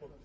pont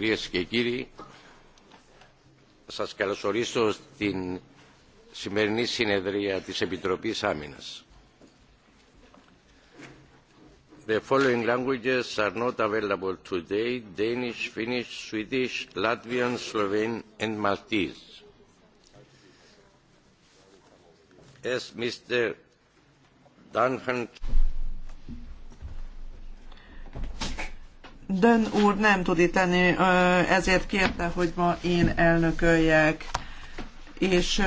Κυρίες και κύριοι, σας καλωσορίσω στην σημερινή συνεδρία της Επιτροπής Άμυνας. The following languages are not available today, Danish, Finnish, Swedish, Latvian, Slovene and Maltese. As Mr. Dunham Dön úr nem tud itt lenni, ezért kérte, hogy ma én elnököljek. És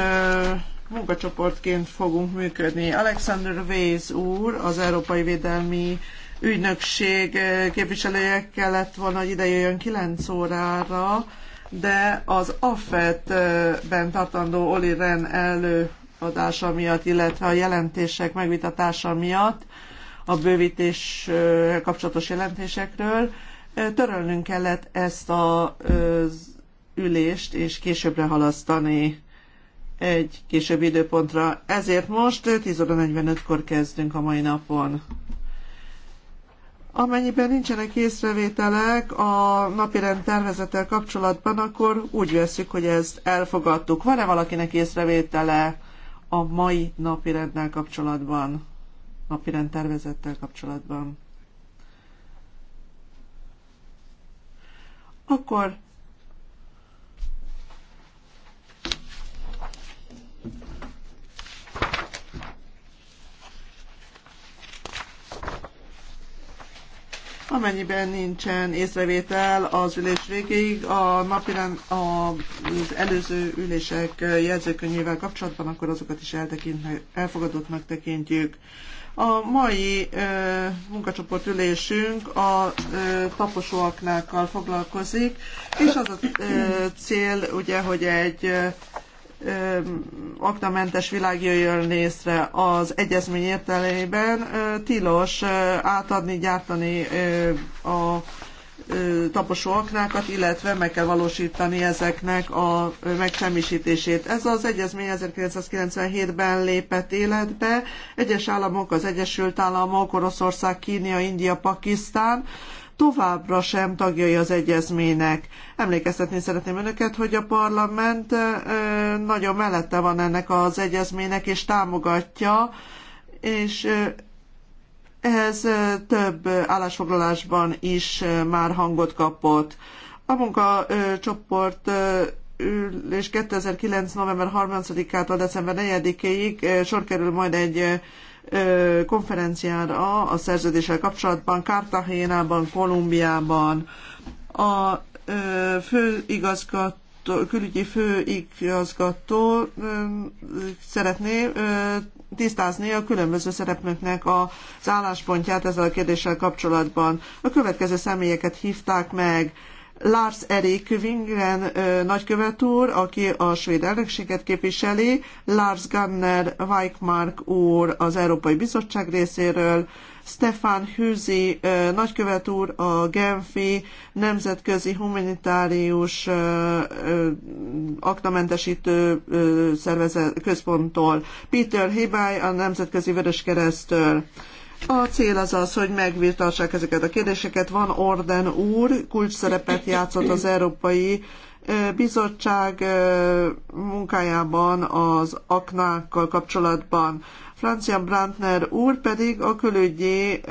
munkacsoportként fogunk működni. Alexander Vész úr, az Európai Védelmi Ügynökség képviselője kellett volna, hogy ide jöjjön 9 órára, de az AFET-ben tartandó Oli Ren előadása miatt, illetve a jelentések megvitatása miatt, a bővítés kapcsolatos jelentésekről, Törölnünk kellett ezt az ülést, és későbbre halasztani egy későbbi időpontra. Ezért most 10 óra 45-kor kezdünk a mai napon. Amennyiben nincsenek észrevételek a napirend tervezettel kapcsolatban, akkor úgy veszük, hogy ezt elfogadtuk. Van-e valakinek észrevétele a mai napirenddel kapcsolatban? Napirend tervezettel kapcsolatban? akkor Amennyiben nincsen észrevétel az ülés végéig, a napirend az előző ülések jegyzőkönyvével kapcsolatban, akkor azokat is elfogadottnak tekintjük. A mai ö, munkacsoport ülésünk a ö, taposóaknákkal foglalkozik, és az a ö, cél, ugye, hogy egy ö, aknamentes világ jöjjön létre az egyezmény értelmében, tilos átadni, gyártani a taposó aknákat, illetve meg kell valósítani ezeknek a megsemmisítését. Ez az egyezmény 1997-ben lépett életbe. Egyes államok, az Egyesült Államok, Oroszország, Kínia, India, Pakisztán továbbra sem tagjai az egyezménynek. Emlékeztetni szeretném önöket, hogy a parlament nagyon mellette van ennek az egyezménynek, és támogatja, és ez több állásfoglalásban is már hangot kapott. A munkacsoport és 2009. november 30-ától december 4-ig sor kerül majd egy konferenciára a szerződéssel kapcsolatban Kártahénában, Kolumbiában. A főigazgató külügyi főigazgató szeretné tisztázni a különböző szereplőknek az álláspontját ezzel a kérdéssel kapcsolatban. A következő személyeket hívták meg. Lars Erik Wingren nagykövet úr, aki a svéd elnökséget képviseli, Lars Ganner Weichmark úr az Európai Bizottság részéről, Stefan Hűzi nagykövet úr a Genfi Nemzetközi Humanitárius aktamentesítő szervezet központtól, Peter Hibály a Nemzetközi Vöröskereszttől. A cél az az, hogy megvitassák ezeket a kérdéseket. Van Orden úr, kulcs szerepet játszott az Európai bizottság munkájában az aknákkal kapcsolatban. Francia Brandner úr pedig a külügyi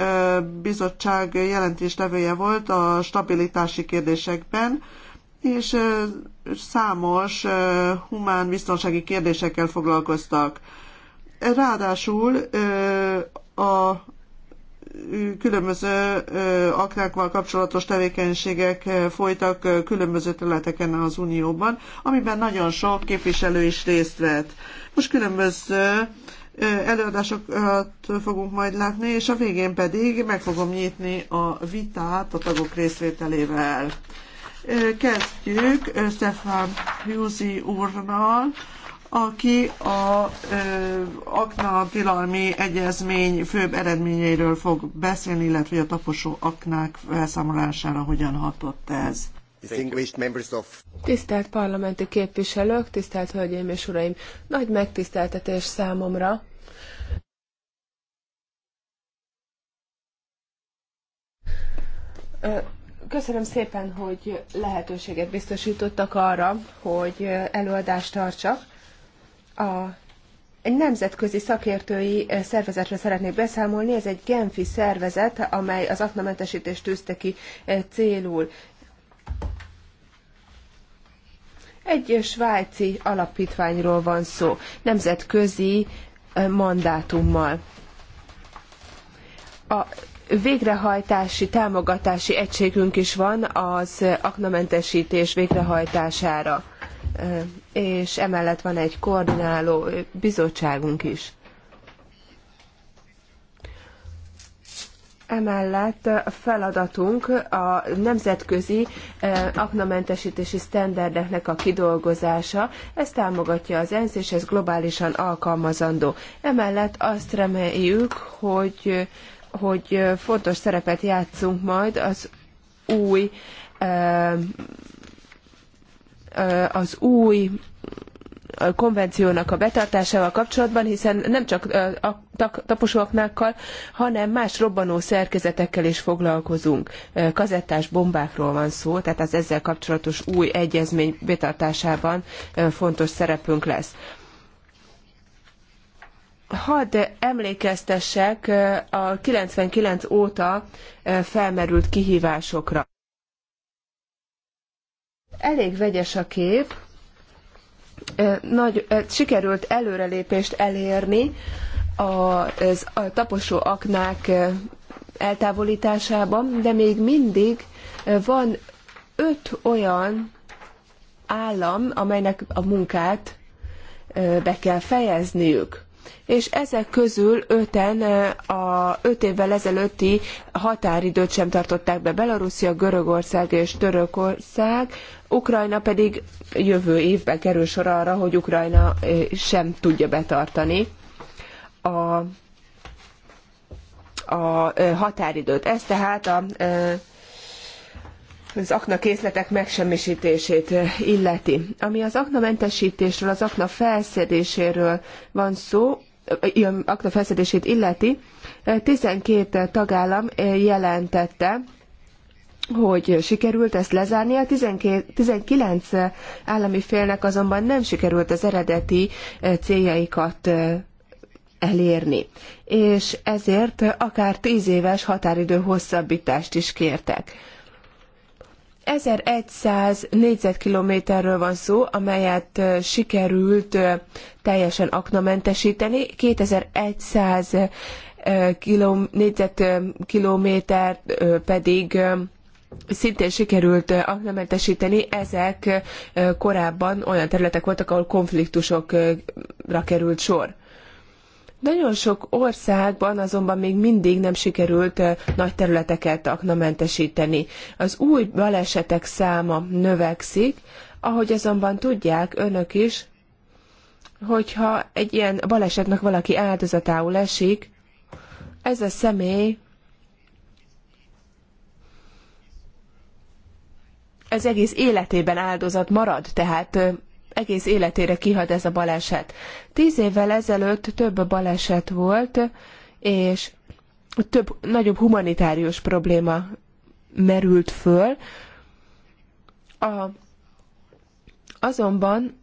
bizottság jelentéstevője volt a stabilitási kérdésekben, és számos humán biztonsági kérdésekkel foglalkoztak. Ráadásul a különböző aknákkal kapcsolatos tevékenységek folytak különböző területeken az Unióban, amiben nagyon sok képviselő is részt vett. Most különböző előadásokat fogunk majd látni, és a végén pedig meg fogom nyitni a vitát a tagok részvételével. Kezdjük Stefan Hughes úrnal, aki a ö, akna tilalmi egyezmény főbb eredményeiről fog beszélni, illetve a taposó aknák felszámolására hogyan hatott ez. Tisztelt parlamenti képviselők, tisztelt hölgyeim és uraim! Nagy megtiszteltetés számomra, Köszönöm szépen, hogy lehetőséget biztosítottak arra, hogy előadást tartsak a egy nemzetközi szakértői eh, szervezetre szeretnék beszámolni, ez egy Genfi szervezet, amely az aknamentesítést tűzte ki eh, célul. Egy svájci alapítványról van szó, nemzetközi eh, mandátummal. A végrehajtási támogatási egységünk is van az aknamentesítés végrehajtására és emellett van egy koordináló bizottságunk is. Emellett a feladatunk a nemzetközi eh, aknamentesítési sztenderdeknek a kidolgozása. Ez támogatja az ENSZ, és ez globálisan alkalmazandó. Emellett azt reméljük, hogy, hogy fontos szerepet játszunk majd az új eh, az új konvenciónak a betartásával kapcsolatban, hiszen nem csak a taposóaknákkal, hanem más robbanó szerkezetekkel is foglalkozunk. Kazettás bombákról van szó, tehát az ezzel kapcsolatos új egyezmény betartásában fontos szerepünk lesz. Hadd emlékeztessek a 99 óta felmerült kihívásokra. Elég vegyes a kép, nagy, sikerült előrelépést elérni az, a taposó aknák eltávolításában, de még mindig van öt olyan állam, amelynek a munkát be kell fejezniük. És ezek közül öten a öt évvel ezelőtti határidőt sem tartották be. Belarusia, Görögország és Törökország Ukrajna pedig jövő évben kerül sor arra, hogy Ukrajna sem tudja betartani a, a határidőt. Ez tehát a, az akna készletek megsemmisítését illeti. Ami az akna mentesítésről, az akna felszedéséről van szó, akna felszedését illeti, 12 tagállam jelentette, hogy sikerült ezt lezárni. A 19 állami félnek azonban nem sikerült az eredeti céljaikat elérni, és ezért akár 10 éves határidő hosszabbítást is kértek. 1100 négyzetkilométerről van szó, amelyet sikerült teljesen aknamentesíteni, 2100 kilom, négyzetkilométer pedig szintén sikerült eh, mentesíteni, ezek eh, korábban olyan területek voltak, ahol konfliktusokra került sor. Nagyon sok országban azonban még mindig nem sikerült eh, nagy területeket aknamentesíteni. Az új balesetek száma növekszik, ahogy azonban tudják önök is, hogyha egy ilyen balesetnek valaki áldozatául esik, ez a személy az egész életében áldozat marad, tehát egész életére kihad ez a baleset. Tíz évvel ezelőtt több baleset volt, és több nagyobb humanitárius probléma merült föl. A, azonban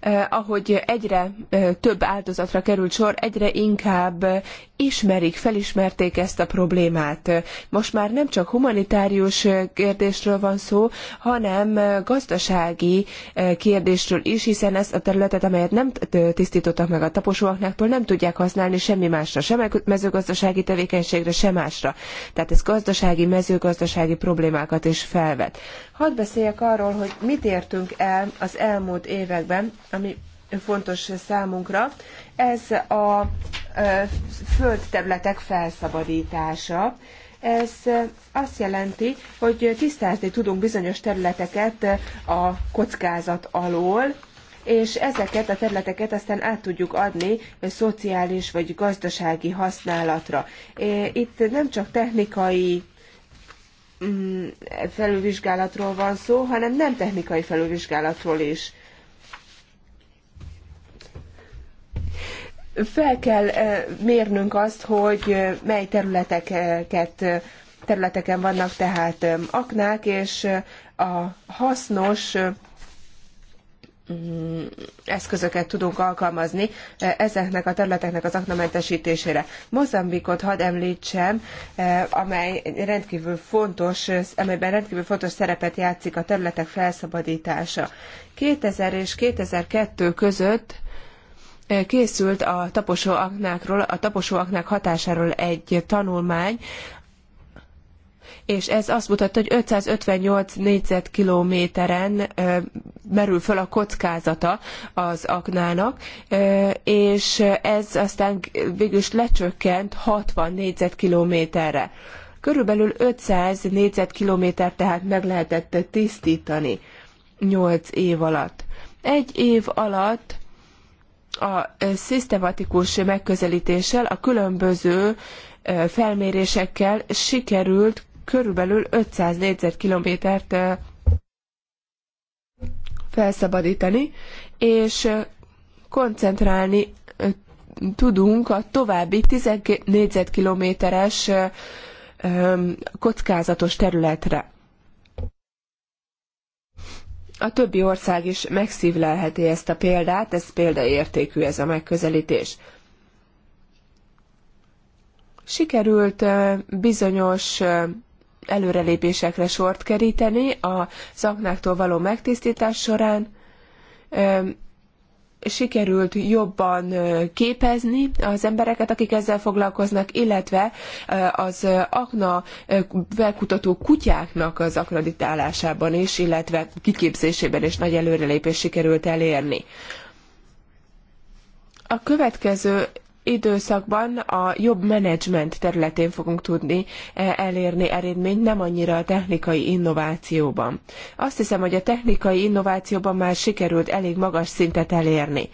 eh, ahogy egyre eh, több áldozatra került sor, egyre inkább ismerik, felismerték ezt a problémát. Most már nem csak humanitárius kérdésről van szó, hanem gazdasági eh, kérdésről is, hiszen ezt a területet, amelyet nem tisztítottak meg a taposóaknáktól, nem tudják használni semmi másra, sem mezőgazdasági tevékenységre, sem másra. Tehát ez gazdasági, mezőgazdasági problémákat is felvet. Hadd beszéljek arról, hogy mit értünk el az elmúlt években, ami fontos számunkra, ez a földterületek felszabadítása. Ez azt jelenti, hogy tisztázni tudunk bizonyos területeket a kockázat alól, és ezeket a területeket aztán át tudjuk adni szociális vagy gazdasági használatra. Itt nem csak technikai mm, felülvizsgálatról van szó, hanem nem technikai felülvizsgálatról is. fel kell eh, mérnünk azt, hogy eh, mely területeket, eh, területeken vannak tehát aknák, és a hasznos mm, eszközöket tudunk alkalmazni ezeknek a területeknek az aknamentesítésére. Mozambikot hadd említsem, amely rendkívül fontos, amelyben rendkívül fontos szerepet játszik a területek felszabadítása. 2000 és 2002 között készült a taposóaknákról, a taposóaknák hatásáról egy tanulmány, és ez azt mutatta, hogy 558 négyzetkilométeren merül föl a kockázata az aknának, és ez aztán is lecsökkent 60 négyzetkilométerre. Körülbelül 500 négyzetkilométer tehát meg lehetett tisztítani 8 év alatt. Egy év alatt a szisztematikus megközelítéssel, a különböző felmérésekkel sikerült körülbelül 500 négyzetkilométert felszabadítani, és koncentrálni tudunk a további 10 négyzetkilométeres kockázatos területre a többi ország is megszívlelheti ezt a példát, ez példaértékű ez a megközelítés. Sikerült bizonyos előrelépésekre sort keríteni a szakmáktól való megtisztítás során, sikerült jobban képezni az embereket, akik ezzel foglalkoznak, illetve az akna felkutató kutyáknak az akreditálásában is, illetve kiképzésében is nagy előrelépés sikerült elérni. A következő időszakban a jobb menedzsment területén fogunk tudni e, elérni eredményt, nem annyira a technikai innovációban. Azt hiszem, hogy a technikai innovációban már sikerült elég magas szintet elérni.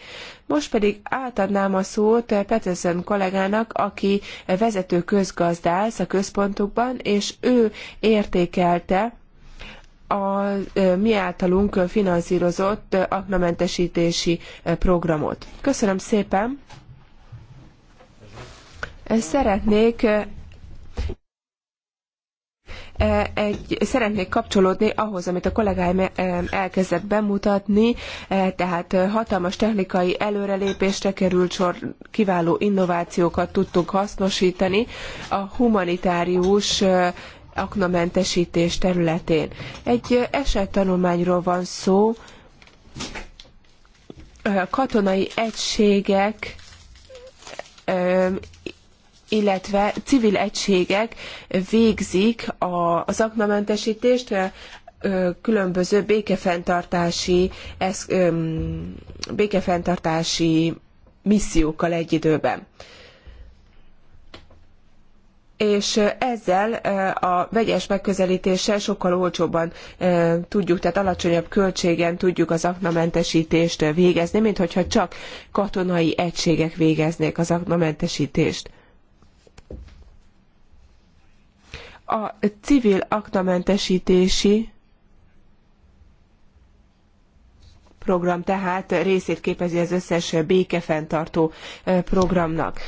Most pedig átadnám a szót Peterson kollégának, aki vezető közgazdász a központokban, és ő értékelte a e, mi általunk finanszírozott aknamentesítési e, programot. Köszönöm szépen! Szeretnék eh, egy, szeretnék kapcsolódni ahhoz, amit a kollégáim eh, elkezdett bemutatni, eh, tehát hatalmas technikai előrelépésre került sor, kiváló innovációkat tudtunk hasznosítani a humanitárius aknamentesítés területén. Egy esettanulmányról van szó, katonai egységek illetve civil egységek végzik a, a különböző békefenntartási, esz, békefenntartási missziókkal egy időben. És ezzel a vegyes megközelítéssel sokkal olcsóbban tudjuk, tehát alacsonyabb költségen tudjuk az aknamentesítést végezni, mint hogyha csak katonai egységek végeznék az aknamentesítést. a civil aktamentesítési program tehát részét képezi az összes békefenntartó programnak.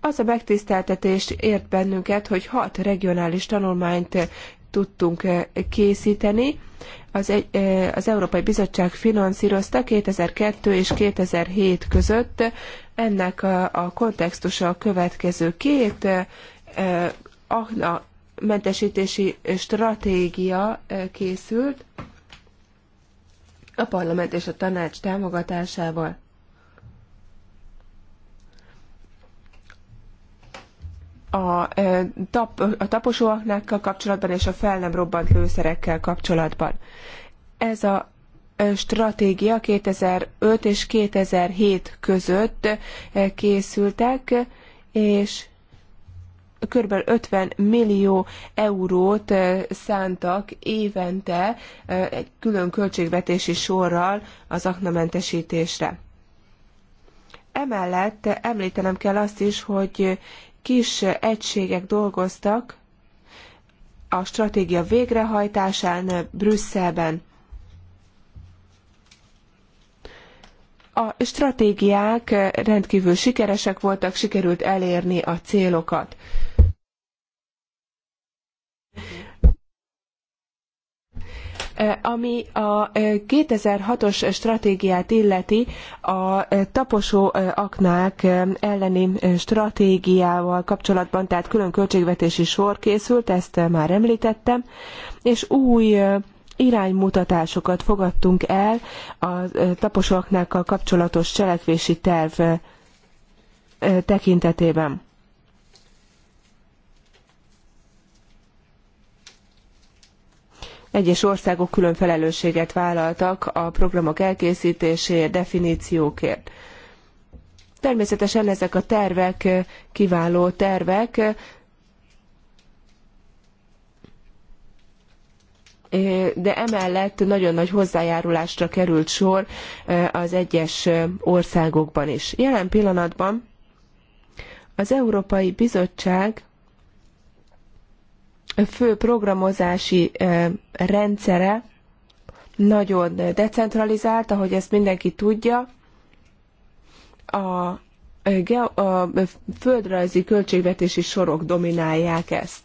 Az a megtiszteltetés ért bennünket, hogy hat regionális tanulmányt tudtunk készíteni. Az, egy, az Európai Bizottság finanszírozta 2002 és 2007 között. Ennek a, a kontextusa a következő két akna eh, mentesítési stratégia eh, készült a parlament és a tanács támogatásával. a, eh, tap, a taposóaknákkal kapcsolatban és a fel nem robbant lőszerekkel kapcsolatban. Ez a stratégia 2005 és 2007 között készültek, és kb. 50 millió eurót szántak évente egy külön költségvetési sorral az aknamentesítésre. Emellett említenem kell azt is, hogy kis egységek dolgoztak a stratégia végrehajtásán Brüsszelben. a stratégiák rendkívül sikeresek voltak, sikerült elérni a célokat. Ami a 2006-os stratégiát illeti, a taposó aknák elleni stratégiával kapcsolatban, tehát külön költségvetési sor készült, ezt már említettem, és új iránymutatásokat fogadtunk el a taposóaknákkal kapcsolatos cselekvési terv tekintetében. Egyes országok külön felelősséget vállaltak a programok elkészítéséért, definíciókért. Természetesen ezek a tervek kiváló tervek, de emellett nagyon nagy hozzájárulásra került sor az egyes országokban is. Jelen pillanatban az Európai Bizottság fő programozási rendszere nagyon decentralizált, ahogy ezt mindenki tudja. A, a földrajzi költségvetési sorok dominálják ezt.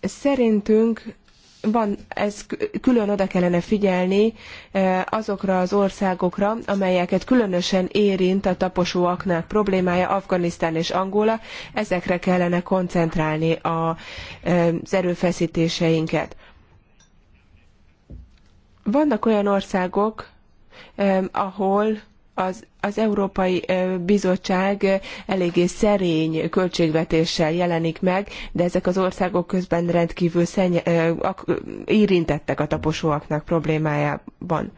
Szerintünk van, ez külön oda kellene figyelni eh, azokra az országokra, amelyeket különösen érint a taposóaknák problémája, Afganisztán és Angola, ezekre kellene koncentrálni a, eh, az erőfeszítéseinket. Vannak olyan országok, eh, ahol az, az Európai Bizottság eléggé szerény költségvetéssel jelenik meg, de ezek az országok közben rendkívül szenny, érintettek a taposóaknak problémájában.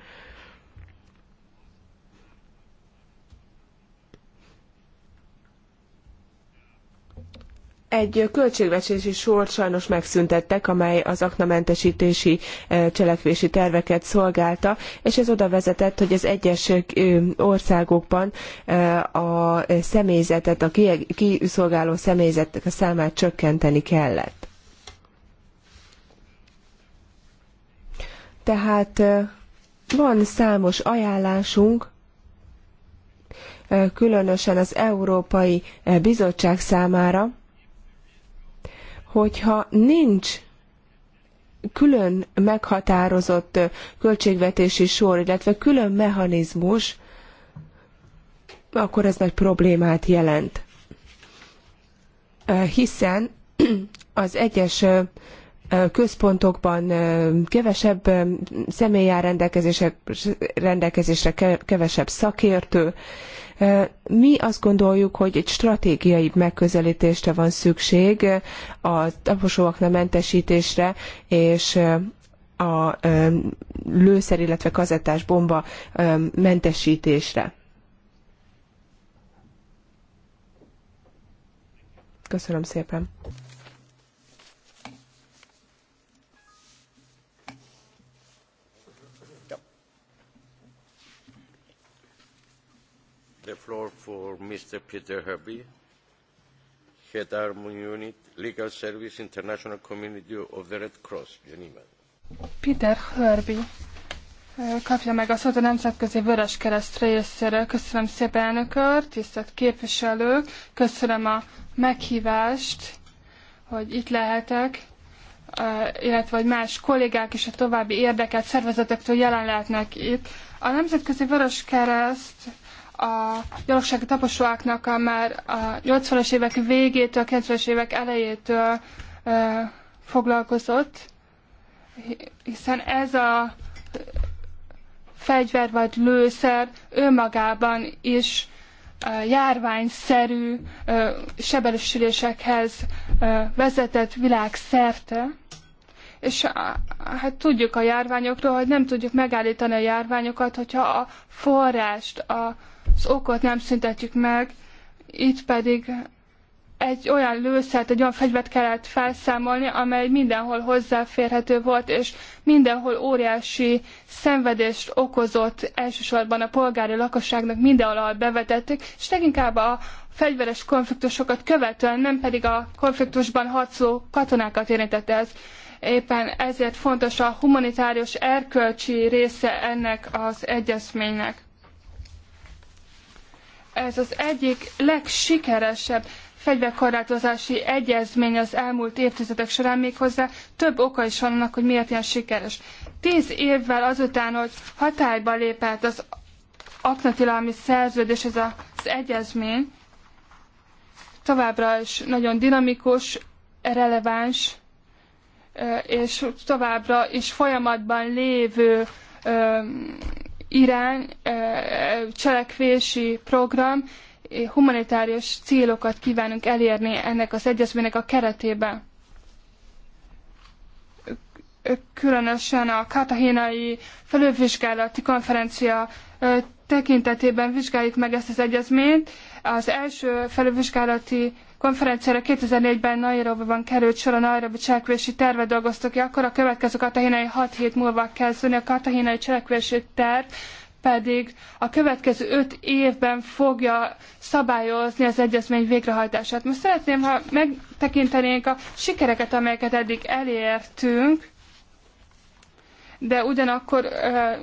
egy költségvetési sort sajnos megszüntettek, amely az aknamentesítési cselekvési terveket szolgálta, és ez oda vezetett, hogy az egyes országokban a személyzetet, a kiszolgáló személyzetnek a számát csökkenteni kellett. Tehát van számos ajánlásunk, különösen az Európai Bizottság számára, hogyha nincs külön meghatározott költségvetési sor, illetve külön mechanizmus, akkor ez nagy problémát jelent. Hiszen az egyes központokban kevesebb személy áll rendelkezésre, kevesebb szakértő, mi azt gondoljuk, hogy egy stratégiai megközelítésre van szükség a taposóakna mentesítésre, és a lőszer, illetve kazettás bomba mentesítésre. Köszönöm szépen. floor for Mr. Peter Herbie, Head Army Unit, Legal Service, International Community of the Red Cross, Geneva. Peter Herbie kapja meg a szót a Nemzetközi Vörös Kereszt részéről. Köszönöm szépen, elnök tisztelt képviselők, köszönöm a meghívást, hogy itt lehetek illetve hogy más kollégák és a további érdekelt szervezetektől jelen lehetnek itt. A Nemzetközi Vörös Kereszt a gyalogsági taposóáknak a már a 80-as évek végétől, 90-es évek elejétől e, foglalkozott, hiszen ez a fegyver vagy lőszer önmagában is járványszerű sebesülésekhez vezetett világszerte, és hát tudjuk a járványokról, hogy nem tudjuk megállítani a járványokat, hogyha a forrást, a az okot nem szüntetjük meg, itt pedig egy olyan lőszert, egy olyan fegyvert kellett felszámolni, amely mindenhol hozzáférhető volt, és mindenhol óriási szenvedést okozott elsősorban a polgári lakosságnak mindenhol bevetették, és leginkább a fegyveres konfliktusokat követően, nem pedig a konfliktusban harcoló katonákat érintette ez. Éppen ezért fontos a humanitárius erkölcsi része ennek az egyezménynek ez az egyik legsikeresebb fegyverkorlátozási egyezmény az elmúlt évtizedek során méghozzá több oka is van annak, hogy miért ilyen sikeres. Tíz évvel azután, hogy hatályba lépett az aknatilalmi szerződés, ez az egyezmény, továbbra is nagyon dinamikus, releváns, és továbbra is folyamatban lévő irány, cselekvési program, eh, humanitárius célokat kívánunk elérni ennek az egyezménynek a keretében. Különösen a katahénai felülvizsgálati konferencia tekintetében vizsgáljuk meg ezt az egyezményt. Az első felülvizsgálati konferenciára 2004-ben Nairobiban került sor a Nairobi cselekvési terve dolgoztak ki, akkor a következő katahinai 6 hét múlva kezdődni, a katahinai cselekvési terv pedig a következő öt évben fogja szabályozni az egyezmény végrehajtását. Most szeretném, ha megtekintenénk a sikereket, amelyeket eddig elértünk, de ugyanakkor uh,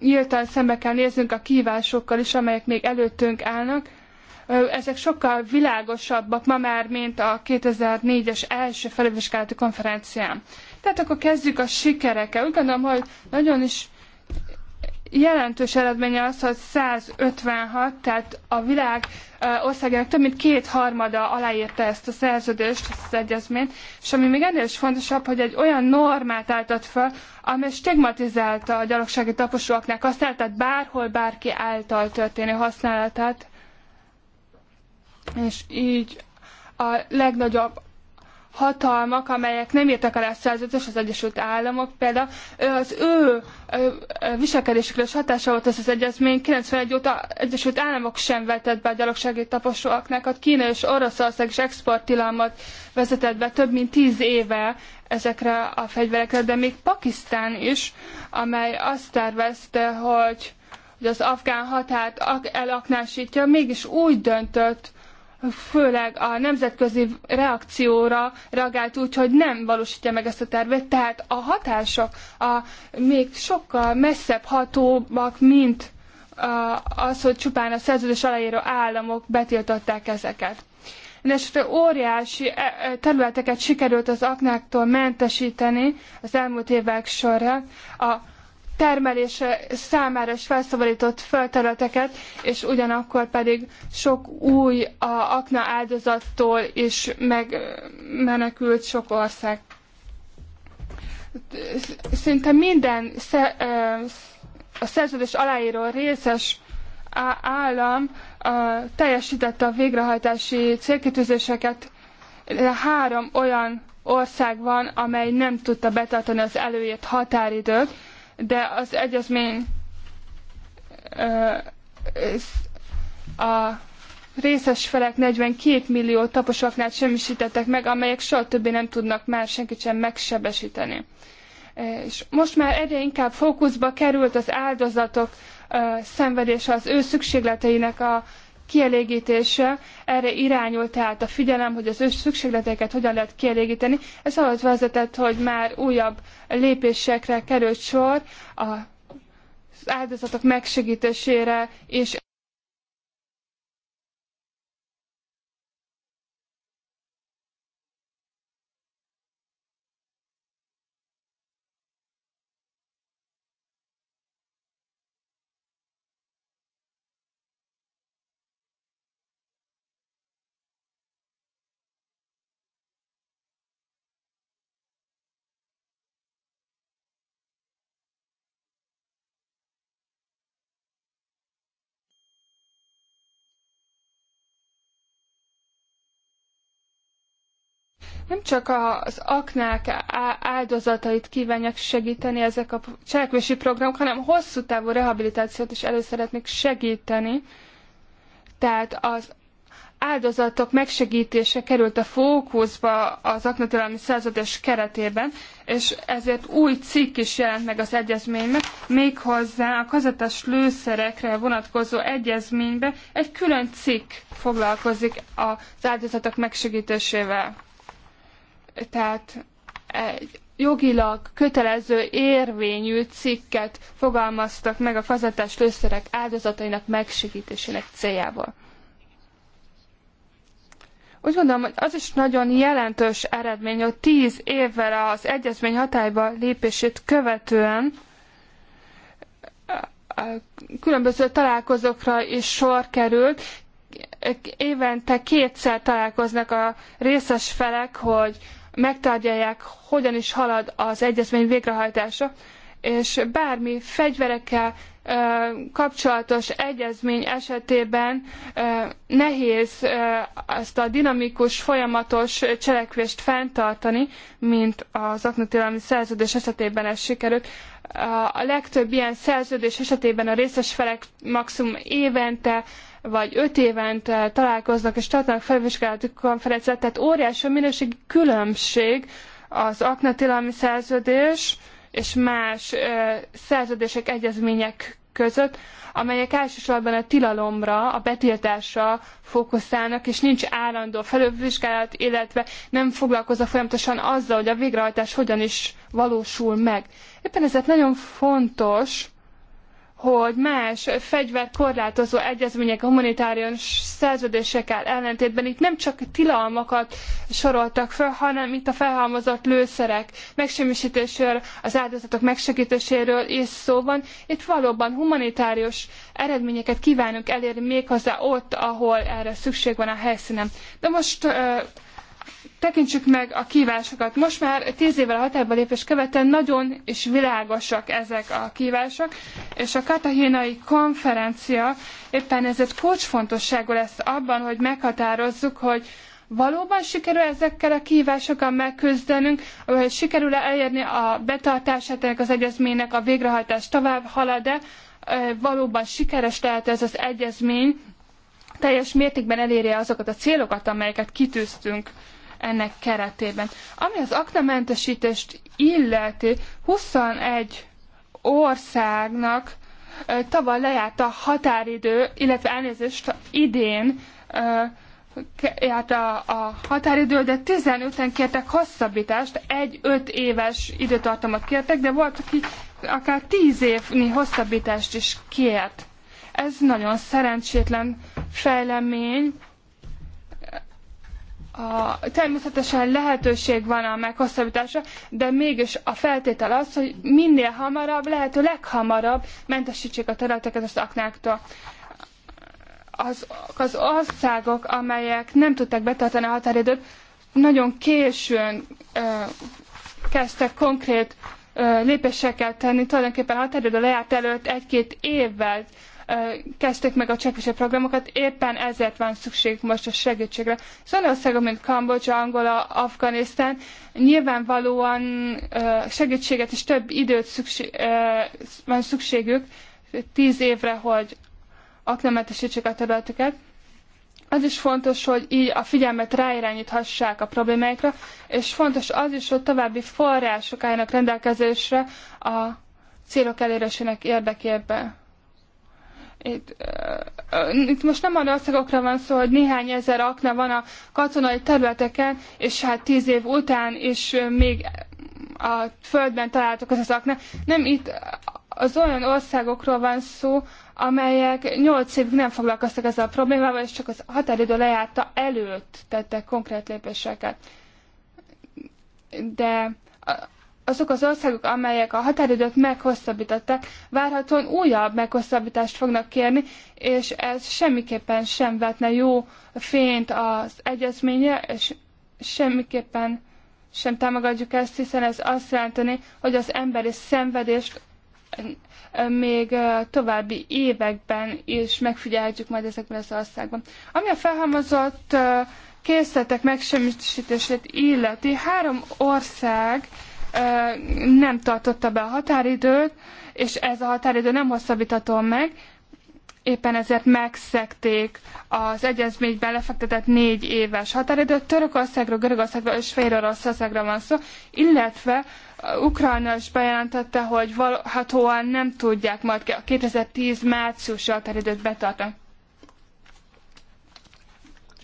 nyíltan szembe kell néznünk a kívásokkal is, amelyek még előttünk állnak ezek sokkal világosabbak ma már, mint a 2004-es első felülvizsgálati konferencián. Tehát akkor kezdjük a sikerekkel. Úgy gondolom, hogy nagyon is jelentős eredménye az, hogy 156, tehát a világ országának több mint kétharmada aláírta ezt a szerződést, ezt az egyezményt, és ami még ennél is fontosabb, hogy egy olyan normát álltott fel, amely stigmatizálta a gyalogsági taposóaknak azt tehát bárhol bárki által történő használatát és így a legnagyobb hatalmak, amelyek nem írtak alá a szerződést, az Egyesült Államok például, az ő viselkedésükre is hatása volt ez az egyezmény. 91 óta Egyesült Államok sem vetett be a gyalogsági taposóaknak, a Kína és Oroszország is exporttilalmat vezetett be több mint tíz éve ezekre a fegyverekre, de még Pakisztán is, amely azt tervezte, hogy, hogy az afgán határt elaknásítja, mégis úgy döntött, főleg a nemzetközi reakcióra reagált úgy, hogy nem valósítja meg ezt a tervet, tehát a hatások a még sokkal messzebb hatóbbak, mint az, hogy csupán a szerződés aláíró államok betiltották ezeket. Mindenesetre óriási e, e, területeket sikerült az aknáktól mentesíteni az elmúlt évek során. A termelése számára is felszabadított földterületeket, és ugyanakkor pedig sok új a akna áldozattól is megmenekült sok ország. Szinte minden a szerződés aláíró részes állam teljesítette a végrehajtási célkitűzéseket. Három olyan ország van, amely nem tudta betartani az előírt határidőt, de az egyezmény a részes felek 42 millió taposaknál semmisítettek meg, amelyek soha többé nem tudnak már senkit sem megsebesíteni. És most már egyre inkább fókuszba került az áldozatok szenvedése, az ő szükségleteinek a kielégítése, erre irányult tehát a figyelem, hogy az ő szükségleteiket hogyan lehet kielégíteni. Ez ahhoz vezetett, hogy már újabb lépésekre került sor, az áldozatok megsegítésére és nem csak az aknák áldozatait kívánják segíteni ezek a cselekvési programok, hanem hosszú távú rehabilitációt is elő szeretnék segíteni. Tehát az áldozatok megsegítése került a fókuszba az aknatilalmi szerződés keretében, és ezért új cikk is jelent meg az egyezményben, méghozzá a kazetes lőszerekre vonatkozó egyezményben egy külön cikk foglalkozik az áldozatok megsegítésével tehát egy jogilag kötelező érvényű cikket fogalmaztak meg a fazatás lőszerek áldozatainak megsegítésének céljából. Úgy gondolom, hogy az is nagyon jelentős eredmény, hogy tíz évvel az egyezmény hatályba lépését követően különböző találkozókra is sor került. Évente kétszer találkoznak a részes felek, hogy megtárgyalják, hogyan is halad az egyezmény végrehajtása, és bármi fegyverekkel ö, kapcsolatos egyezmény esetében ö, nehéz ö, ezt a dinamikus, folyamatos cselekvést fenntartani, mint az aknatilalmi szerződés esetében ez sikerült. A legtöbb ilyen szerződés esetében a részes felek maximum évente vagy öt évente eh, találkoznak és tartanak felvizsgálati konferenciát, tehát óriási a minőségi különbség az aknatilalmi szerződés és más eh, szerződések, egyezmények között, amelyek elsősorban a tilalomra, a betiltásra fókuszálnak, és nincs állandó felülvizsgálat, illetve nem foglalkozza folyamatosan azzal, hogy a végrehajtás hogyan is valósul meg. Éppen ezért nagyon fontos, hogy más fegyverkorlátozó egyezmények, a humanitárius szerződésekkel ellentétben itt nem csak tilalmakat soroltak föl, hanem itt a felhalmozott lőszerek megsemmisítéséről, az áldozatok megsegítéséről is szó van. Itt valóban humanitárius eredményeket kívánunk elérni méghozzá ott, ahol erre szükség van a helyszínen. De most tekintsük meg a kívásokat. Most már tíz évvel a hatályba lépés követően nagyon is világosak ezek a kívások, és a katahénai konferencia éppen ezért kulcsfontosságú lesz abban, hogy meghatározzuk, hogy valóban sikerül ezekkel a kihívásokkal megküzdenünk, vagy sikerül-e elérni a betartását ennek az egyezménynek, a végrehajtás tovább halad-e, valóban sikeres lehet ez az egyezmény, teljes mértékben elérje azokat a célokat, amelyeket kitűztünk ennek keretében. Ami az aknamentesítést illeti, 21 országnak tavaly lejárt a határidő, illetve elnézést idén járt a, a határidő, de 15-en kértek hosszabbítást, egy-öt éves időtartamot kértek, de volt, aki akár 10 évnyi hosszabbítást is kért. Ez nagyon szerencsétlen fejlemény, a, természetesen lehetőség van a meghosszabbításra, de mégis a feltétel az, hogy minél hamarabb, lehető leghamarabb mentesítsék a területeket az aknáktól. Azok az országok, amelyek nem tudták betartani a határidőt, nagyon későn ö, kezdtek konkrét ö, lépéseket tenni, tulajdonképpen a határidő lejárt előtt egy-két évvel kezdték meg a cselekvési programokat, éppen ezért van szükség most a segítségre. Az szóval olyan országok, mint Kambodzsa, Angola, Afganisztán nyilvánvalóan segítséget és több időt szükség, van szükségük, tíz évre, hogy aklimatisítsék a területeket. Az is fontos, hogy így a figyelmet ráirányíthassák a problémáikra, és fontos az is, hogy további források álljanak rendelkezésre a célok elérésének érdekében itt, uh, itt most nem arra országokra van szó, hogy néhány ezer akna van a katonai területeken, és hát tíz év után is még a földben találtak az akna. Nem itt az olyan országokról van szó, amelyek nyolc évig nem foglalkoztak ezzel a problémával, és csak az határidő lejárta előtt tettek konkrét lépéseket. De azok az országok, amelyek a határidőt meghosszabbították, várhatóan újabb meghosszabbítást fognak kérni, és ez semmiképpen sem vetne jó fényt az egyezménye, és semmiképpen sem támogatjuk ezt, hiszen ez azt jelenteni, hogy az emberi szenvedést még további években is megfigyelhetjük majd ezekben az országban. Ami a felhalmozott készletek megsemmisítését illeti, három ország nem tartotta be a határidőt, és ez a határidő nem hosszabbítható meg, éppen ezért megszekték az egyezményben lefektetett négy éves határidőt. Törökországról, Görögországról és Fehéroroszországról van szó, illetve Ukrajna is bejelentette, hogy valhatóan nem tudják majd a 2010 márciusi határidőt betartani.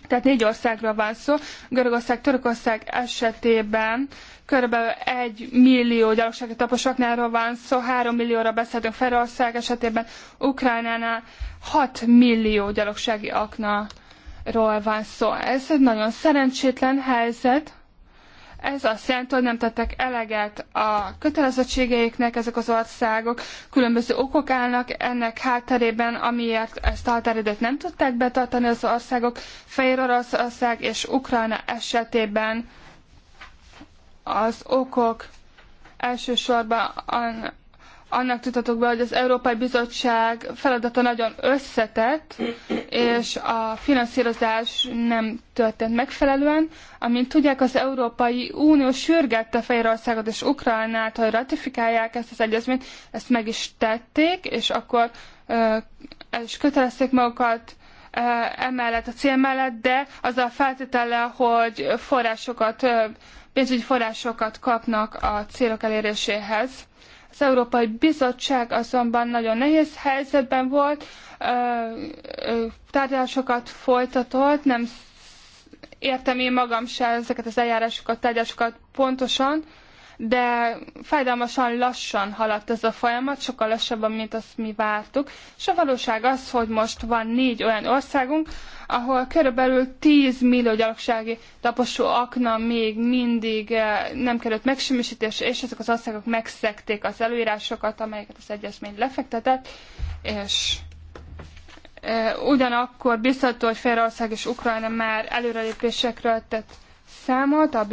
Tehát négy országra van szó. Görögország, Törökország esetében körülbelül egy millió gyalogsági taposoknálról van szó, három millióra beszéltünk Ferország esetében, Ukrajnánál 6 millió gyalogsági aknáról van szó. Ez egy nagyon szerencsétlen helyzet, ez azt jelenti, hogy nem tettek eleget a kötelezettségeiknek ezek az országok, különböző okok állnak ennek hátterében, amiért ezt a határidőt nem tudták betartani az országok. Fehér Oroszország és Ukrajna esetében az okok elsősorban annak tudhatok be, hogy az Európai Bizottság feladata nagyon összetett, és a finanszírozás nem történt megfelelően. Amint tudják, az Európai Unió sürgette Fehérországot és Ukrajnát, hogy ratifikálják ezt az egyezményt, ezt meg is tették, és akkor el is kötelezték magukat emellett a cél mellett, de az a feltétele, hogy forrásokat, pénzügyi forrásokat kapnak a célok eléréséhez az Európai Bizottság azonban nagyon nehéz helyzetben volt, tárgyalásokat folytatott, nem értem én magam se ezeket az eljárásokat, tárgyalásokat pontosan, de fájdalmasan lassan haladt ez a folyamat, sokkal lassabban, mint azt mi vártuk. És a valóság az, hogy most van négy olyan országunk, ahol körülbelül 10 millió gyalogsági taposó akna még mindig eh, nem került megsemmisítésre, és ezek az országok megszekték az előírásokat, amelyeket az egyezmény lefektetett, és eh, ugyanakkor biztató, hogy Félország és Ukrajna már előrelépésekről tett számolt, a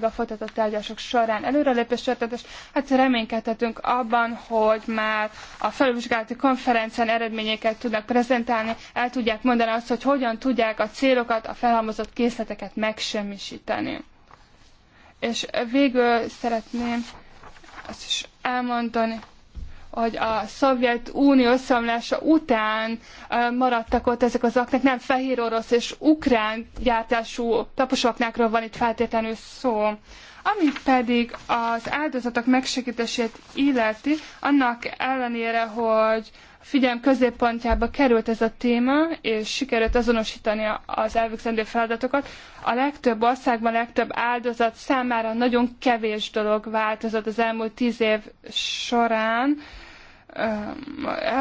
a folytatott tárgyalások során előrelépés történt, és hát reménykedhetünk abban, hogy már a felvizsgálati konferencián eredményeket tudnak prezentálni, el tudják mondani azt, hogy hogyan tudják a célokat, a felhalmozott készleteket megsemmisíteni. És végül szeretném azt is elmondani, hogy a Szovjetunió összeomlása után maradtak ott ezek az aknák, nem fehér orosz és ukrán gyártású taposaknákról van itt feltétlenül szó. Ami pedig az áldozatok megsegítését illeti, annak ellenére, hogy figyelm középpontjába került ez a téma, és sikerült azonosítani az elvégzendő feladatokat, a legtöbb országban, a legtöbb áldozat számára nagyon kevés dolog változott az elmúlt tíz év során,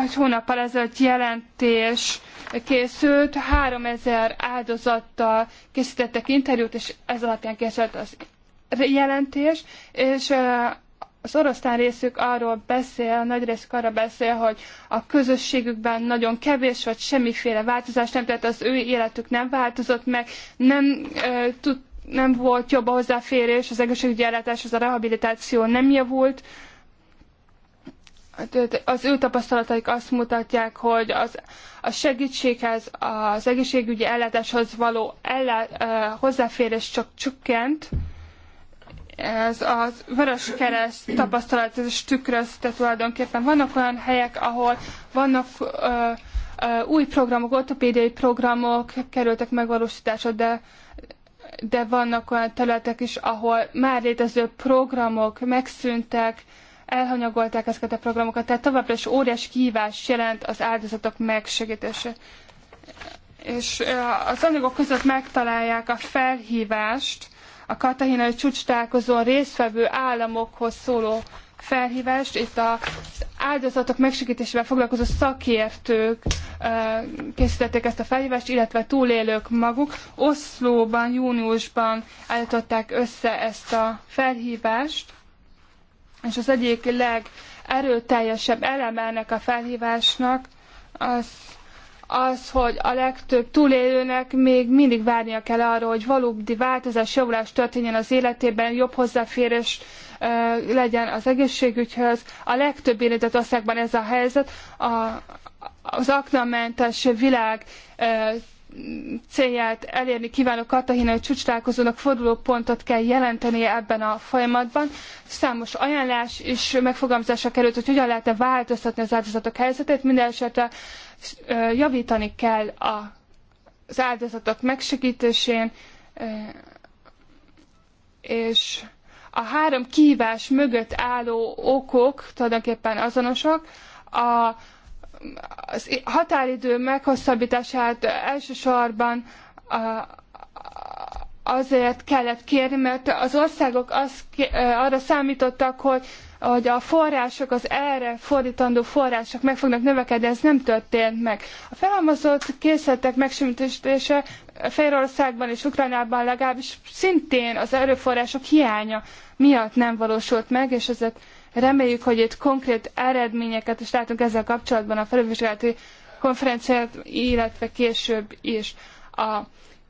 egy hónappal ezelőtt jelentés készült, 3000 áldozattal készítettek interjút, és ez alapján készült az jelentés, és az oroszlán részük arról beszél, nagy részük arra beszél, hogy a közösségükben nagyon kevés vagy semmiféle változás nem, tehát az ő életük nem változott meg, nem e, tud, nem volt jobb a hozzáférés, az egészségügyi ellátás, az a rehabilitáció nem javult, az ő tapasztalataik azt mutatják, hogy az, a segítséghez, az egészségügyi ellátáshoz való ellá, hozzáférés csak csökkent. Ez a vörös kereszt tapasztalat, ez is tükrözte tulajdonképpen. Vannak olyan helyek, ahol vannak ö, ö, új programok, ortopédiai programok kerültek megvalósításra, de de vannak olyan területek is, ahol már létező programok megszűntek, elhanyagolták ezeket a programokat, tehát továbbra is óriás kihívás jelent az áldozatok megsegítése. És az anyagok között megtalálják a felhívást, a katahinai csúcs találkozón résztvevő államokhoz szóló felhívást, itt az áldozatok megsegítésével foglalkozó szakértők készítették ezt a felhívást, illetve túlélők maguk. Oszlóban, júniusban állították össze ezt a felhívást, és az egyik legerőteljesebb eleme ennek a felhívásnak az, az, hogy a legtöbb túlélőnek még mindig várnia kell arra, hogy valódi változás, javulás történjen az életében, jobb hozzáférés e, legyen az egészségügyhöz. A legtöbb érintett országban ez a helyzet. A, az aknamentes világ e, célját elérni kívánó katahinai csúcstalálkozónak fordulópontot kell jelentenie ebben a folyamatban. Számos ajánlás és megfogalmazása került, hogy hogyan lehetne változtatni az áldozatok helyzetét, minden esetre javítani kell a, az áldozatok megsegítésén, és a három kívás mögött álló okok tulajdonképpen azonosak, a az határidő meghosszabbítását elsősorban azért kellett kérni, mert az országok az arra számítottak, hogy hogy a források, az erre fordítandó források meg fognak növekedni, ez nem történt meg. A felhalmozott készletek megsemmisítése Fehérországban és Ukrajnában legalábbis szintén az erőforrások hiánya miatt nem valósult meg, és ezért Reméljük, hogy itt konkrét eredményeket is látunk ezzel kapcsolatban a felülvizsgálati konferenciát, illetve később is. A,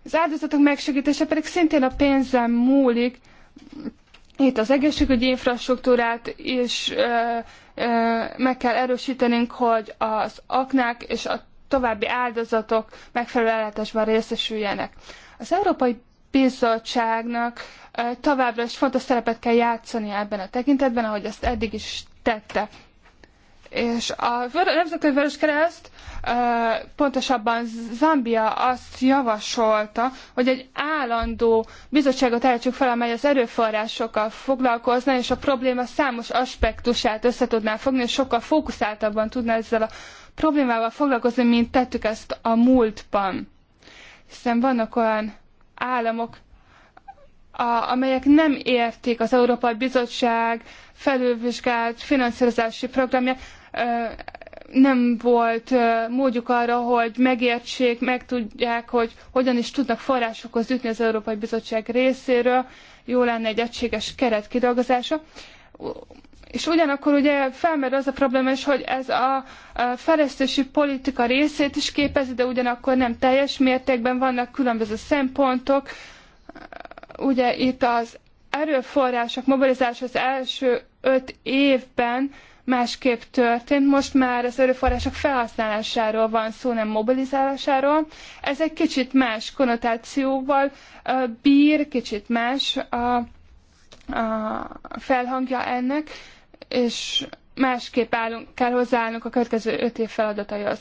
az áldozatok megsegítése pedig szintén a pénzen múlik. Itt az egészségügyi infrastruktúrát is ö, ö, meg kell erősítenünk, hogy az aknák és a további áldozatok megfelelő ellátásban részesüljenek. Az Európai bizottságnak továbbra is fontos szerepet kell játszani ebben a tekintetben, ahogy azt eddig is tette. És a Nemzetközi Vörös Kereszt pontosabban Zambia azt javasolta, hogy egy állandó bizottságot állítsuk fel, amely az erőforrásokkal foglalkozna, és a probléma számos aspektusát össze tudná fogni, és sokkal fókuszáltabban tudna ezzel a problémával foglalkozni, mint tettük ezt a múltban. Hiszen vannak olyan államok, a, amelyek nem értik az Európai Bizottság felülvizsgált finanszírozási programját, nem volt módjuk arra, hogy megértsék, megtudják, hogy hogyan is tudnak forrásokhoz jutni az Európai Bizottság részéről. Jó lenne egy egységes keret kidolgozása. És ugyanakkor ugye felmerül az a probléma is, hogy ez a, a fejlesztési politika részét is képezi, de ugyanakkor nem teljes mértékben vannak különböző szempontok. Ugye itt az erőforrások mobilizálása az első öt évben másképp történt. Most már az erőforrások felhasználásáról van szó, nem mobilizálásáról. Ez egy kicsit más konnotációval bír, kicsit más a, a felhangja ennek, és másképp állunk, kell hozzáállnunk a következő öt év feladataihoz.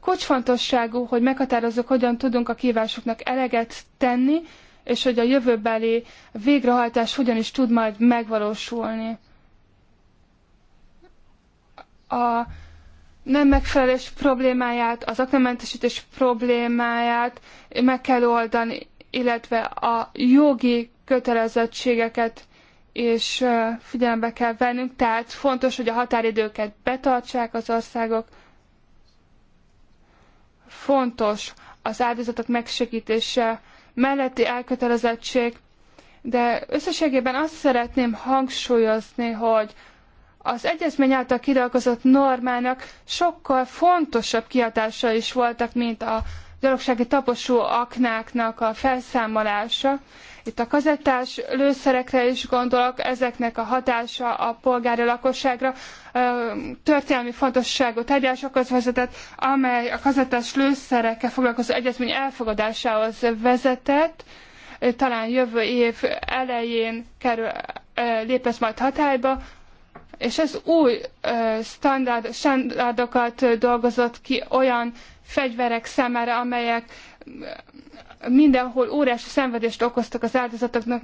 Kulcsfontosságú, hogy meghatározzuk, hogyan tudunk a kívásoknak eleget tenni, és hogy a jövőbeli végrehajtás hogyan is tud majd megvalósulni. A nem megfelelés problémáját, az aknamentesítés problémáját meg kell oldani, illetve a jogi kötelezettségeket és figyelembe kell vennünk, tehát fontos, hogy a határidőket betartsák az országok. Fontos az áldozatok megsegítése melletti elkötelezettség, de összességében azt szeretném hangsúlyozni, hogy az egyezmény által kidolgozott normának sokkal fontosabb kihatása is voltak, mint a gyalogsági taposó aknáknak a felszámolása, itt a kazettás lőszerekre is gondolok, ezeknek a hatása a polgári lakosságra történelmi fontosságú tárgyalásokhoz vezetett, amely a kazettás lőszerekkel foglalkozó egyezmény elfogadásához vezetett. Talán jövő év elején kerül, lép ez majd hatályba, és ez új standard, standardokat dolgozott ki olyan fegyverek számára, amelyek mindenhol óriási szenvedést okoztak az áldozatoknak,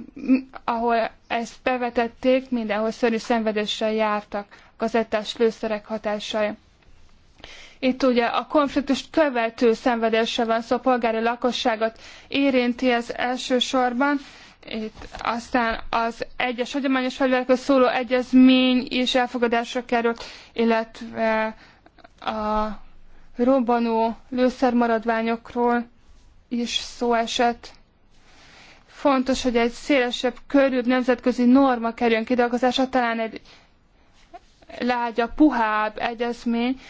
ahol ezt bevetették, mindenhol szörnyű szenvedéssel jártak gazettás lőszerek hatásai. Itt ugye a konfliktus követő szenvedése van szó, szóval a polgári lakosságot érinti ez elsősorban, itt aztán az egyes hagyományos fegyverekről szóló egyezmény is elfogadásra került, illetve a robbanó lőszermaradványokról is szó esett. Fontos, hogy egy szélesebb, körűbb nemzetközi norma kerüljön kidolgozásra, talán egy lágya, puhább egyezmény,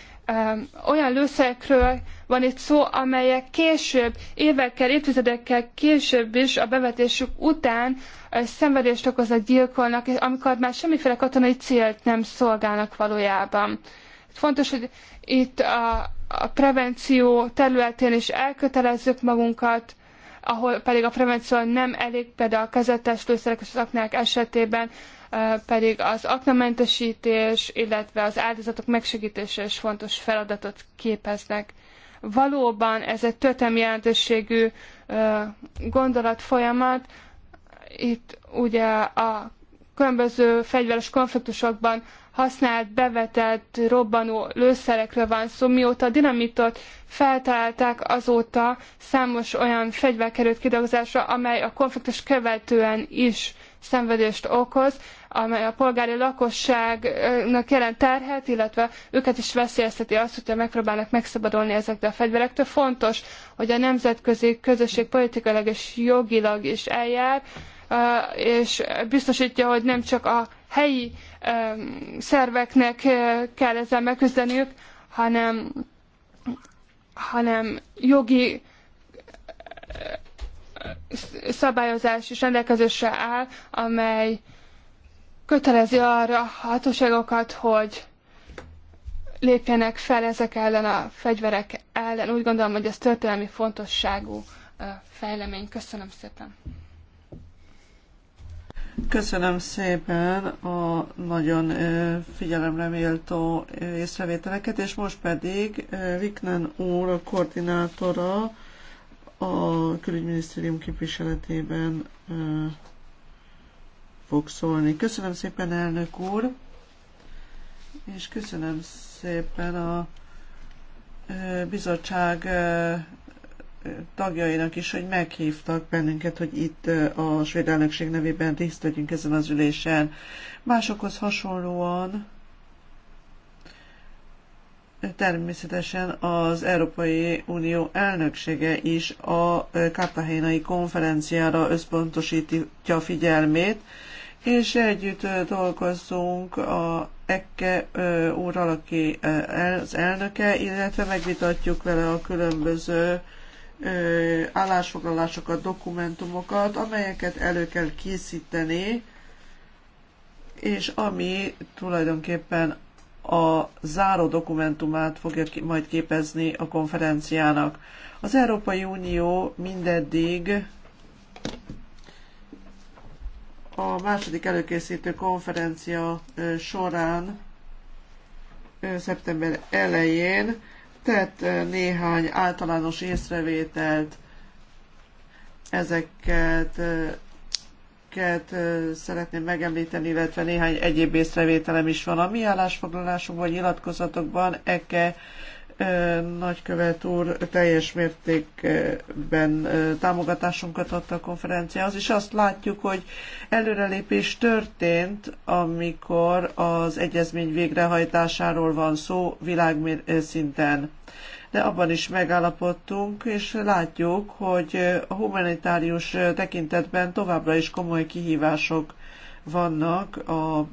olyan lőszerekről van itt szó, amelyek később, évekkel, évtizedekkel később is a bevetésük után szenvedést okoznak, gyilkolnak, amikor már semmiféle katonai célt nem szolgálnak valójában. Fontos, hogy itt a, a prevenció területén is elkötelezzük magunkat, ahol pedig a prevenció nem elég, például a kezetes lőszerek és az aknák esetében pedig az aknamentesítés, illetve az áldozatok megsegítése is fontos feladatot képeznek. Valóban ez egy történelmi jelentőségű gondolatfolyamat. Itt ugye a különböző fegyveres konfliktusokban használt, bevetett, robbanó lőszerekről van szó. Mióta a dinamitot feltalálták, azóta számos olyan fegyver került kidolgozásra, amely a konfliktus követően is szenvedést okoz, amely a polgári lakosságnak jelent terhet, illetve őket is veszélyezteti azt, hogyha megpróbálnak megszabadulni ezektől a fegyverektől. Fontos, hogy a nemzetközi közösség politikailag és jogilag is eljár, és biztosítja, hogy nem csak a helyi szerveknek kell ezzel megküzdeniük, hanem, hanem jogi szabályozás is rendelkezésre áll, amely kötelezi arra a hatóságokat, hogy lépjenek fel ezek ellen a fegyverek ellen. Úgy gondolom, hogy ez történelmi fontosságú fejlemény. Köszönöm szépen! Köszönöm szépen a nagyon figyelemre méltó észrevételeket, és most pedig Viknen úr, a koordinátora a külügyminisztérium képviseletében fog szólni. Köszönöm szépen, elnök úr, és köszönöm szépen a bizottság tagjainak is, hogy meghívtak bennünket, hogy itt a svéd elnökség nevében részt vegyünk ezen az ülésen. Másokhoz hasonlóan természetesen az Európai Unió elnöksége is a Kártahénai konferenciára összpontosítja figyelmét, és együtt dolgozzunk a Ekke úr, aki az elnöke, illetve megvitatjuk vele a különböző állásfoglalásokat, dokumentumokat, amelyeket elő kell készíteni, és ami tulajdonképpen a záró dokumentumát fogja majd képezni a konferenciának. Az Európai Unió mindeddig a második előkészítő konferencia során szeptember elején tett eh, néhány általános észrevételt, ezeket eh, ket, eh, szeretném megemlíteni, illetve néhány egyéb észrevételem is van. A mi állásfoglalásunkban, nyilatkozatokban EKE nagykövet úr teljes mértékben támogatásunkat adta a az is azt látjuk, hogy előrelépés történt, amikor az egyezmény végrehajtásáról van szó világszinten. De abban is megállapodtunk, és látjuk, hogy a humanitárius tekintetben továbbra is komoly kihívások vannak a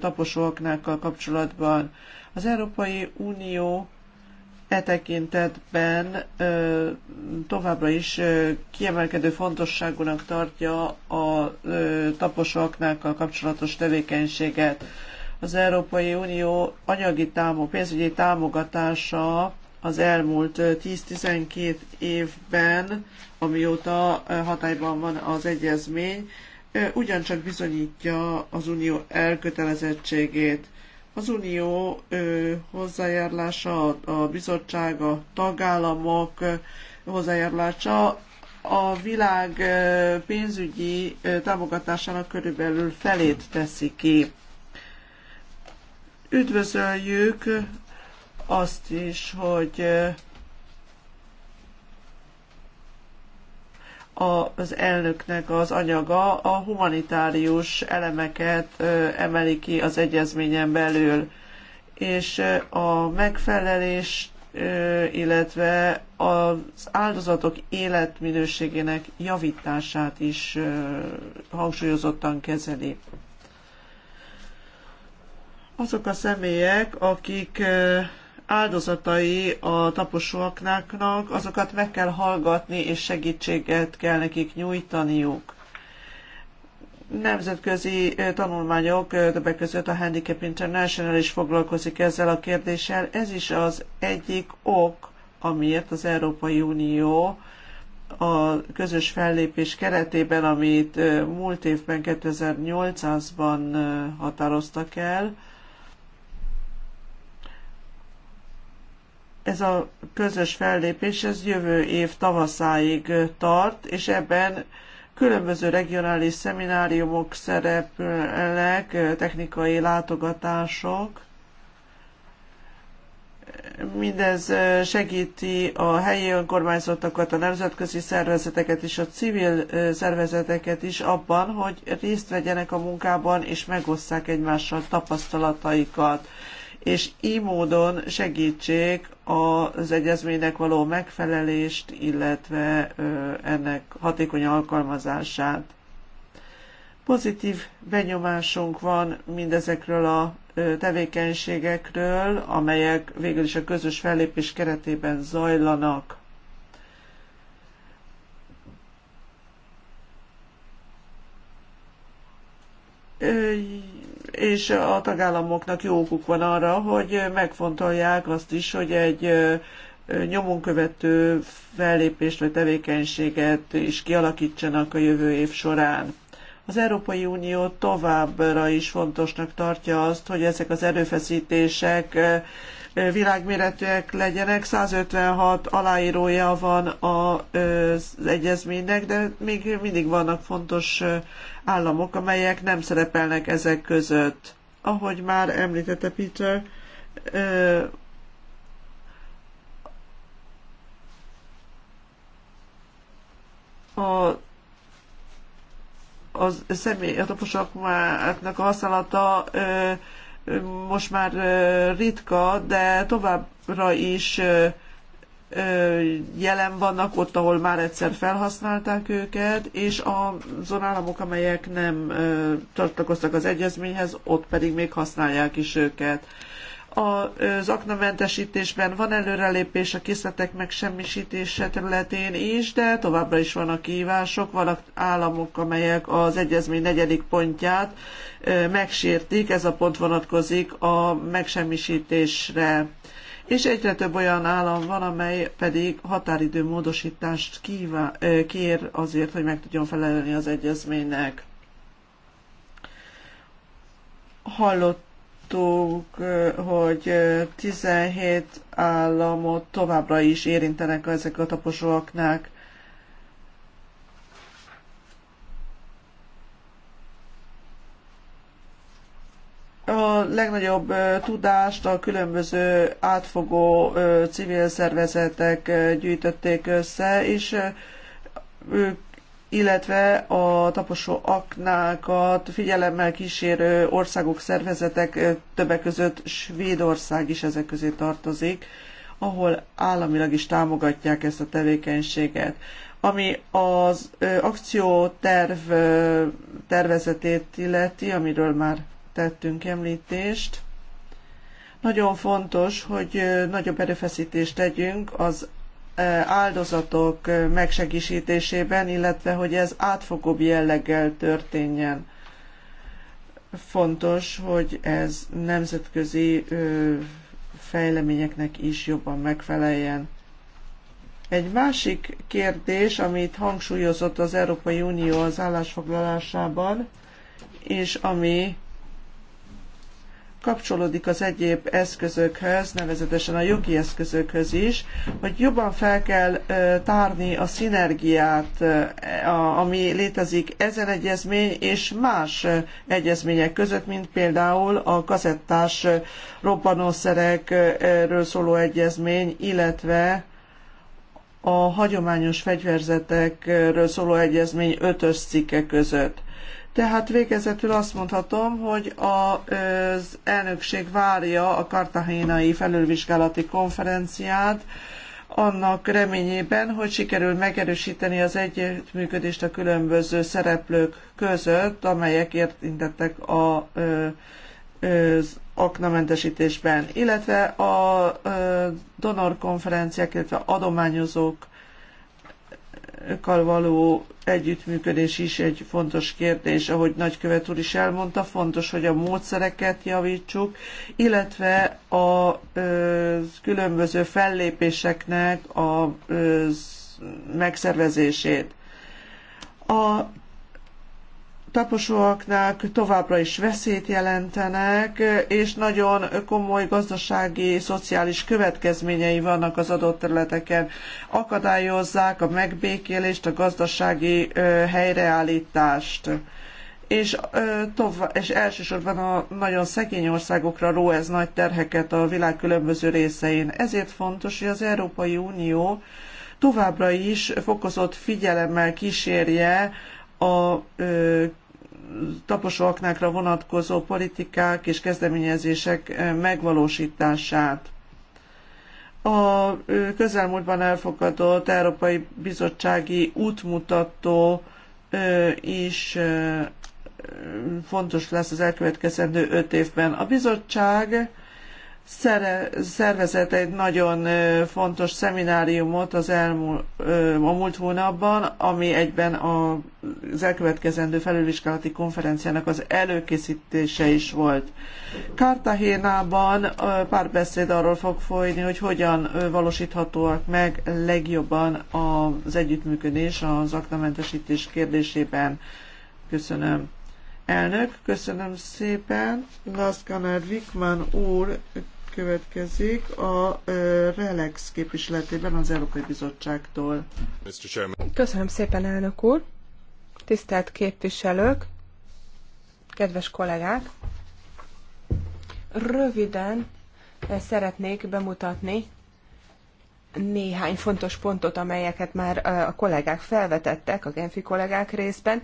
taposóaknákkal kapcsolatban. Az Európai Unió E tekintetben ö, továbbra is ö, kiemelkedő fontosságúnak tartja a ö, taposoknákkal kapcsolatos tevékenységet. Az Európai Unió anyagi támo, pénzügyi támogatása az elmúlt 10-12 évben, amióta hatályban van az egyezmény, ugyancsak bizonyítja az unió elkötelezettségét az unió ö, hozzájárulása, a, a bizottság, a tagállamok ö, hozzájárulása a világ ö, pénzügyi ö, támogatásának körülbelül felét teszi ki. Üdvözöljük azt is, hogy az elnöknek az anyaga a humanitárius elemeket emeli ki az egyezményen belül, és a megfelelés, illetve az áldozatok életminőségének javítását is hangsúlyozottan kezeli. Azok a személyek, akik áldozatai a taposóaknáknak, azokat meg kell hallgatni, és segítséget kell nekik nyújtaniuk. Nemzetközi eh, tanulmányok, eh, többek között a Handicap International is foglalkozik ezzel a kérdéssel. Ez is az egyik ok, amiért az Európai Unió a közös fellépés keretében, amit eh, múlt évben 2008-ban határoztak el, ez a közös fellépés ez jövő év tavaszáig tart, és ebben különböző regionális szemináriumok szerepelnek, technikai látogatások. Mindez segíti a helyi önkormányzatokat, a nemzetközi szervezeteket és a civil szervezeteket is abban, hogy részt vegyenek a munkában és megosszák egymással tapasztalataikat és így módon segítsék az egyezménynek való megfelelést, illetve ennek hatékony alkalmazását. Pozitív benyomásunk van mindezekről a tevékenységekről, amelyek végül is a közös fellépés keretében zajlanak. Öy és a tagállamoknak jó okuk van arra, hogy megfontolják azt is, hogy egy követő fellépést vagy tevékenységet is kialakítsanak a jövő év során. Az Európai Unió továbbra is fontosnak tartja azt, hogy ezek az erőfeszítések világméretűek legyenek. 156 aláírója van az egyezménynek, de még mindig vannak fontos államok, amelyek nem szerepelnek ezek között. Ahogy már említette Peter, a az személy, a taposakmáknak a használata ö, most már ritka, de továbbra is jelen vannak ott, ahol már egyszer felhasználták őket, és azon államok, amelyek nem tartakoztak az egyezményhez, ott pedig még használják is őket az aknamentesítésben van előrelépés a készletek megsemmisítése területén is, de továbbra is vannak kívások, vannak államok, amelyek az egyezmény negyedik pontját megsértik, ez a pont vonatkozik a megsemmisítésre. És egyre több olyan állam van, amely pedig határidő módosítást kér azért, hogy meg tudjon felelni az egyezménynek. Hallott láttuk, hogy 17 államot továbbra is érintenek ezek a taposóaknák. a legnagyobb tudást a különböző átfogó civil szervezetek gyűjtötték össze, és ők illetve a taposó aknákat figyelemmel kísérő országok, szervezetek, többek között Svédország is ezek közé tartozik, ahol államilag is támogatják ezt a tevékenységet. Ami az akció terv tervezetét illeti, amiről már tettünk említést, nagyon fontos, hogy nagyobb erőfeszítést tegyünk az áldozatok megsegítésében, illetve hogy ez átfogóbb jelleggel történjen. Fontos, hogy ez nemzetközi fejleményeknek is jobban megfeleljen. Egy másik kérdés, amit hangsúlyozott az Európai Unió az állásfoglalásában, és ami kapcsolódik az egyéb eszközökhöz, nevezetesen a jogi eszközökhöz is, hogy jobban fel kell tárni a szinergiát, ami létezik ezen egyezmény és más egyezmények között, mint például a kazettás robbanószerekről szóló egyezmény, illetve a hagyományos fegyverzetekről szóló egyezmény ötös cikke között. Tehát végezetül azt mondhatom, hogy az elnökség várja a kartahénai felülvizsgálati konferenciát, annak reményében, hogy sikerül megerősíteni az együttműködést a különböző szereplők között, amelyek érintettek a, az aknamentesítésben, illetve a donor konferenciák, illetve adományozók való együttműködés is egy fontos kérdés, ahogy nagykövet úr is elmondta, fontos, hogy a módszereket javítsuk, illetve a ö, különböző fellépéseknek a ö, megszervezését. A taposóaknak továbbra is veszélyt jelentenek, és nagyon komoly gazdasági, szociális következményei vannak az adott területeken. Akadályozzák a megbékélést, a gazdasági helyreállítást. És, tovább, és elsősorban a nagyon szegény országokra ró ez nagy terheket a világ különböző részein. Ezért fontos, hogy az Európai Unió továbbra is fokozott figyelemmel kísérje a ö, taposóaknákra vonatkozó politikák és kezdeményezések megvalósítását. A közelmúltban elfogadott Európai Bizottsági útmutató is fontos lesz az elkövetkezendő öt évben. A bizottság szervezett egy nagyon fontos szemináriumot az elmúlt, a múlt hónapban, ami egyben az elkövetkezendő felülvizsgálati konferenciának az előkészítése is volt. Kartahénában beszéd arról fog folyni, hogy hogyan valósíthatóak meg legjobban az együttműködés az aktamentesítés kérdésében. Köszönöm. Elnök, köszönöm szépen. Laszkanár Vikman úr következik a Relex képviseletében az Európai Bizottságtól. Köszönöm szépen, elnök úr! Tisztelt képviselők, kedves kollégák! Röviden szeretnék bemutatni néhány fontos pontot, amelyeket már a kollégák felvetettek, a Genfi kollégák részben.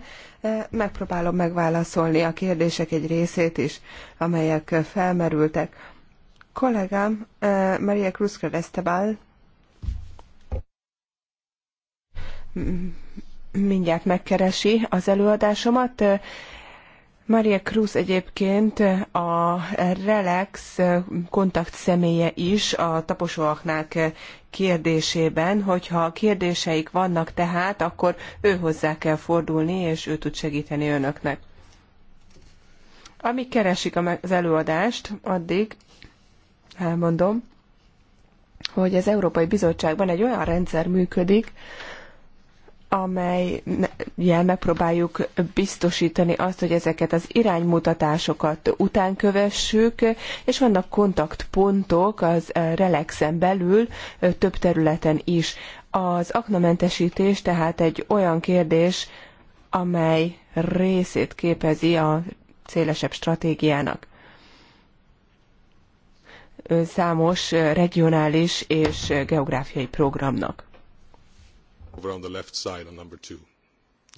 Megpróbálom megválaszolni a kérdések egy részét is, amelyek felmerültek kollégám Maria Cruz Estebal mindjárt megkeresi az előadásomat. Maria Cruz egyébként a Relax kontakt személye is a taposóaknák kérdésében, hogyha kérdéseik vannak tehát, akkor ő hozzá kell fordulni, és ő tud segíteni önöknek. Amíg keresik az előadást, addig elmondom, hogy az Európai Bizottságban egy olyan rendszer működik, amelyen megpróbáljuk biztosítani azt, hogy ezeket az iránymutatásokat utánkövessük, és vannak kontaktpontok az eh, relaxen belül eh, több területen is. Az aknamentesítés tehát egy olyan kérdés, amely részét képezi a szélesebb stratégiának számos regionális és geográfiai programnak. Over on the left side on number two.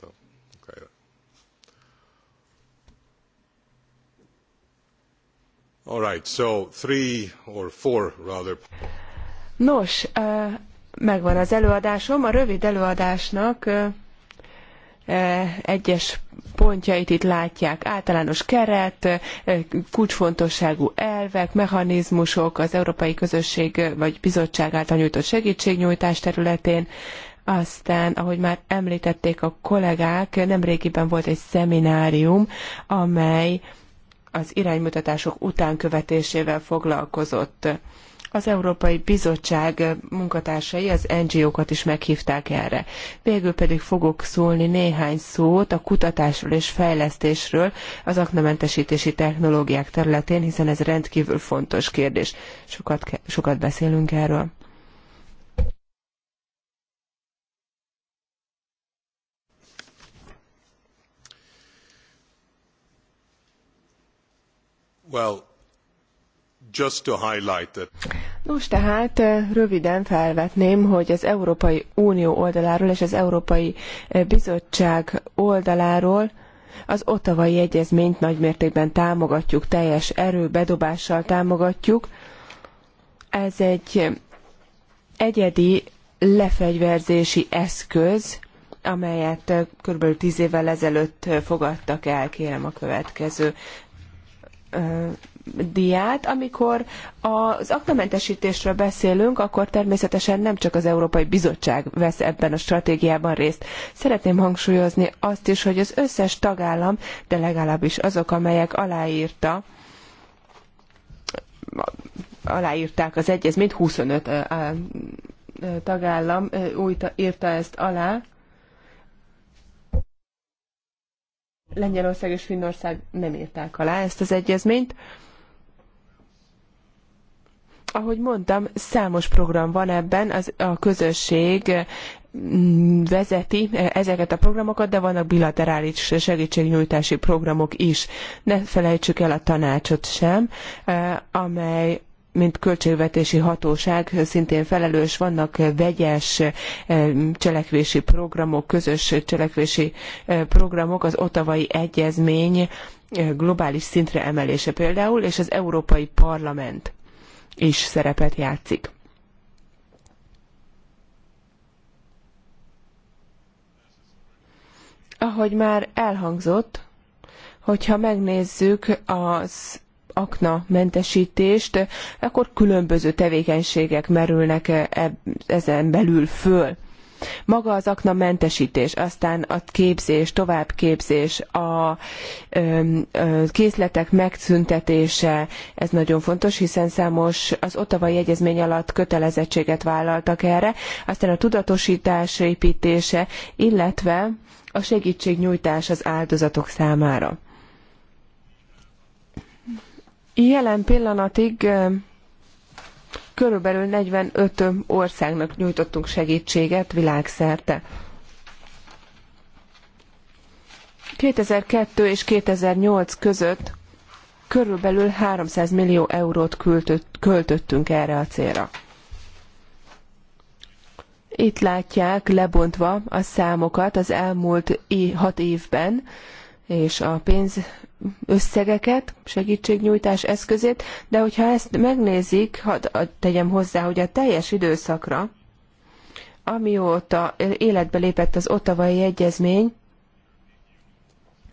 Oh, All right, so three or four rather. Nos, megvan az előadásom. A rövid előadásnak E, egyes pontjait itt látják. Általános keret, e, kulcsfontosságú elvek, mechanizmusok az Európai Közösség vagy Bizottság által nyújtott segítségnyújtás területén. Aztán, ahogy már említették a kollégák, nemrégiben volt egy szeminárium, amely az iránymutatások utánkövetésével foglalkozott. Az Európai Bizottság munkatársai az NGO-kat is meghívták erre. Végül pedig fogok szólni néhány szót a kutatásról és fejlesztésről az aknamentesítési technológiák területén, hiszen ez rendkívül fontos kérdés. Sokat, sokat beszélünk erről. Well, Nos, tehát eh, röviden felvetném, hogy az Európai Unió oldaláról és az Európai eh, Bizottság oldaláról az ottavai egyezményt nagymértékben támogatjuk, teljes erőbedobással támogatjuk. Ez egy eh, egyedi lefegyverzési eszköz, amelyet kb. tíz évvel ezelőtt fogadtak el, kérem a következő diát. Amikor az aknamentesítésről beszélünk, akkor természetesen nem csak az Európai Bizottság vesz ebben a stratégiában részt. Szeretném hangsúlyozni azt is, hogy az összes tagállam, de legalábbis azok, amelyek aláírta, aláírták az egyezményt, 25 tagállam új írta ezt alá, Lengyelország és Finnország nem írták alá ezt az egyezményt ahogy mondtam, számos program van ebben, az, a közösség mm, vezeti e, ezeket a programokat, de vannak bilaterális segítségnyújtási programok is. Ne felejtsük el a tanácsot sem, e, amely mint költségvetési hatóság szintén felelős, vannak vegyes e, cselekvési programok, közös cselekvési programok, az otavai egyezmény globális szintre emelése például, és az Európai Parlament is szerepet játszik. Ahogy már elhangzott, hogyha megnézzük az akna mentesítést, akkor különböző tevékenységek merülnek e- ezen belül föl. Maga az akna mentesítés, aztán a képzés, továbbképzés, a készletek megszüntetése, ez nagyon fontos, hiszen számos az ottavai egyezmény alatt kötelezettséget vállaltak erre, aztán a tudatosítás építése, illetve a segítségnyújtás az áldozatok számára. Jelen pillanatig Körülbelül 45 országnak nyújtottunk segítséget világszerte. 2002 és 2008 között körülbelül 300 millió eurót költöttünk erre a célra. Itt látják lebontva a számokat az elmúlt hat évben, és a pénz összegeket, segítségnyújtás eszközét, de hogyha ezt megnézik, hadd tegyem hozzá, hogy a teljes időszakra, amióta életbe lépett az ottavai egyezmény,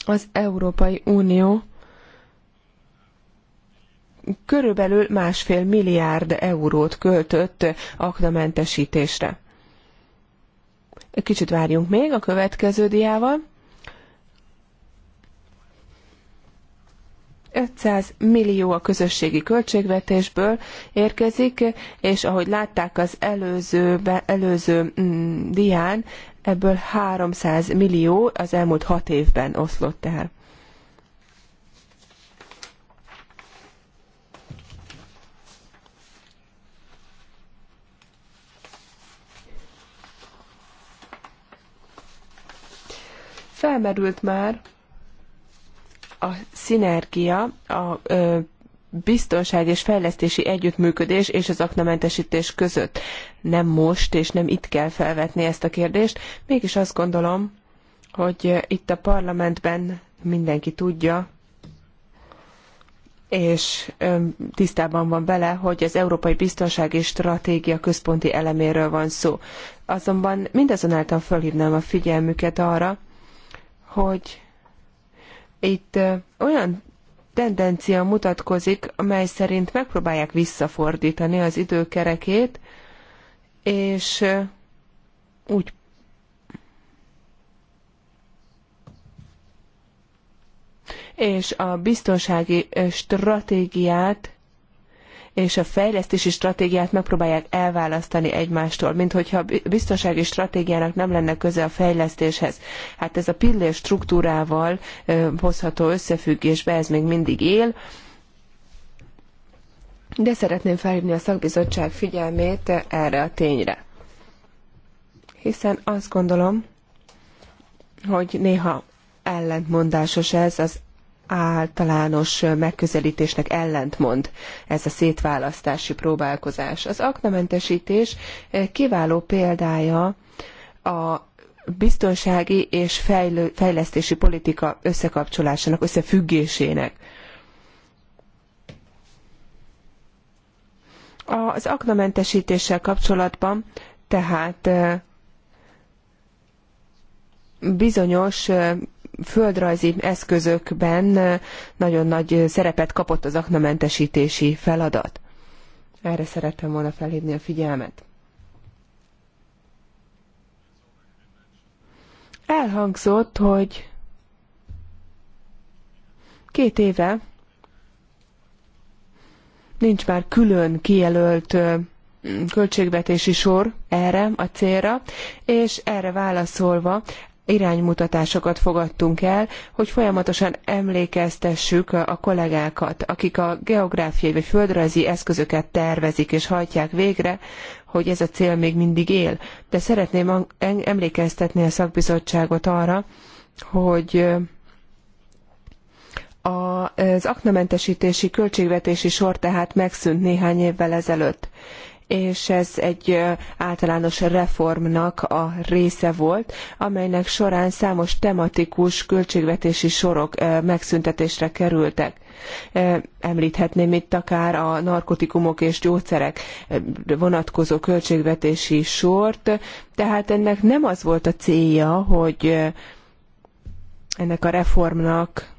az Európai Unió körülbelül másfél milliárd eurót költött aknamentesítésre. Kicsit várjunk még a következő diával. 500 millió a közösségi költségvetésből érkezik, és ahogy látták az előző, előző mm, dián, ebből 300 millió az elmúlt hat évben oszlott el. Felmerült már, a szinergia, a biztonság és fejlesztési együttműködés és az aknamentesítés között. Nem most, és nem itt kell felvetni ezt a kérdést, mégis azt gondolom, hogy itt a parlamentben mindenki tudja, és tisztában van vele, hogy az Európai Biztonsági Stratégia központi eleméről van szó. Azonban mindazonáltal fölhívnám a figyelmüket arra, hogy itt olyan tendencia mutatkozik, amely szerint megpróbálják visszafordítani az időkerekét, és úgy és a biztonsági stratégiát és a fejlesztési stratégiát megpróbálják elválasztani egymástól, mint hogyha a biztonsági stratégiának nem lenne köze a fejlesztéshez. Hát ez a pillér struktúrával hozható összefüggésbe, ez még mindig él. De szeretném felhívni a szakbizottság figyelmét erre a tényre. Hiszen azt gondolom, hogy néha ellentmondásos ez az általános megközelítésnek ellentmond ez a szétválasztási próbálkozás. Az aknamentesítés eh, kiváló példája a biztonsági és fejlő, fejlesztési politika összekapcsolásának, összefüggésének. Az aknamentesítéssel kapcsolatban tehát eh, bizonyos eh, földrajzi eszközökben nagyon nagy szerepet kapott az aknamentesítési feladat. Erre szerettem volna felhívni a figyelmet. Elhangzott, hogy két éve nincs már külön kijelölt költségvetési sor erre a célra, és erre válaszolva iránymutatásokat fogadtunk el, hogy folyamatosan emlékeztessük a kollégákat, akik a geográfiai vagy földrajzi eszközöket tervezik és hajtják végre, hogy ez a cél még mindig él. De szeretném emlékeztetni a szakbizottságot arra, hogy az aknamentesítési költségvetési sor tehát megszűnt néhány évvel ezelőtt és ez egy általános reformnak a része volt, amelynek során számos tematikus költségvetési sorok megszüntetésre kerültek. Említhetném itt akár a narkotikumok és gyógyszerek vonatkozó költségvetési sort, tehát ennek nem az volt a célja, hogy ennek a reformnak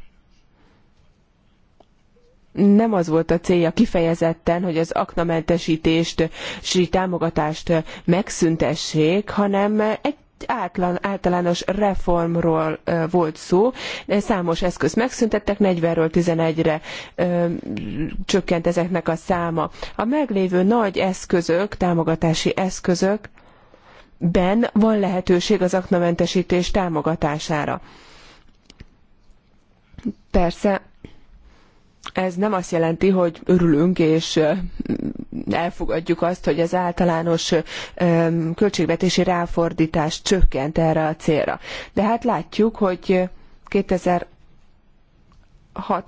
nem az volt a célja kifejezetten, hogy az aknamentesítést, támogatást megszüntessék, hanem egy átlan, általános reformról volt szó. Számos eszközt megszüntettek, 40-ről 11-re csökkent ezeknek a száma. A meglévő nagy eszközök, támogatási eszközök, ben van lehetőség az aknamentesítés támogatására. Persze ez nem azt jelenti, hogy örülünk és elfogadjuk azt, hogy az általános költségvetési ráfordítás csökkent erre a célra. De hát látjuk, hogy 2000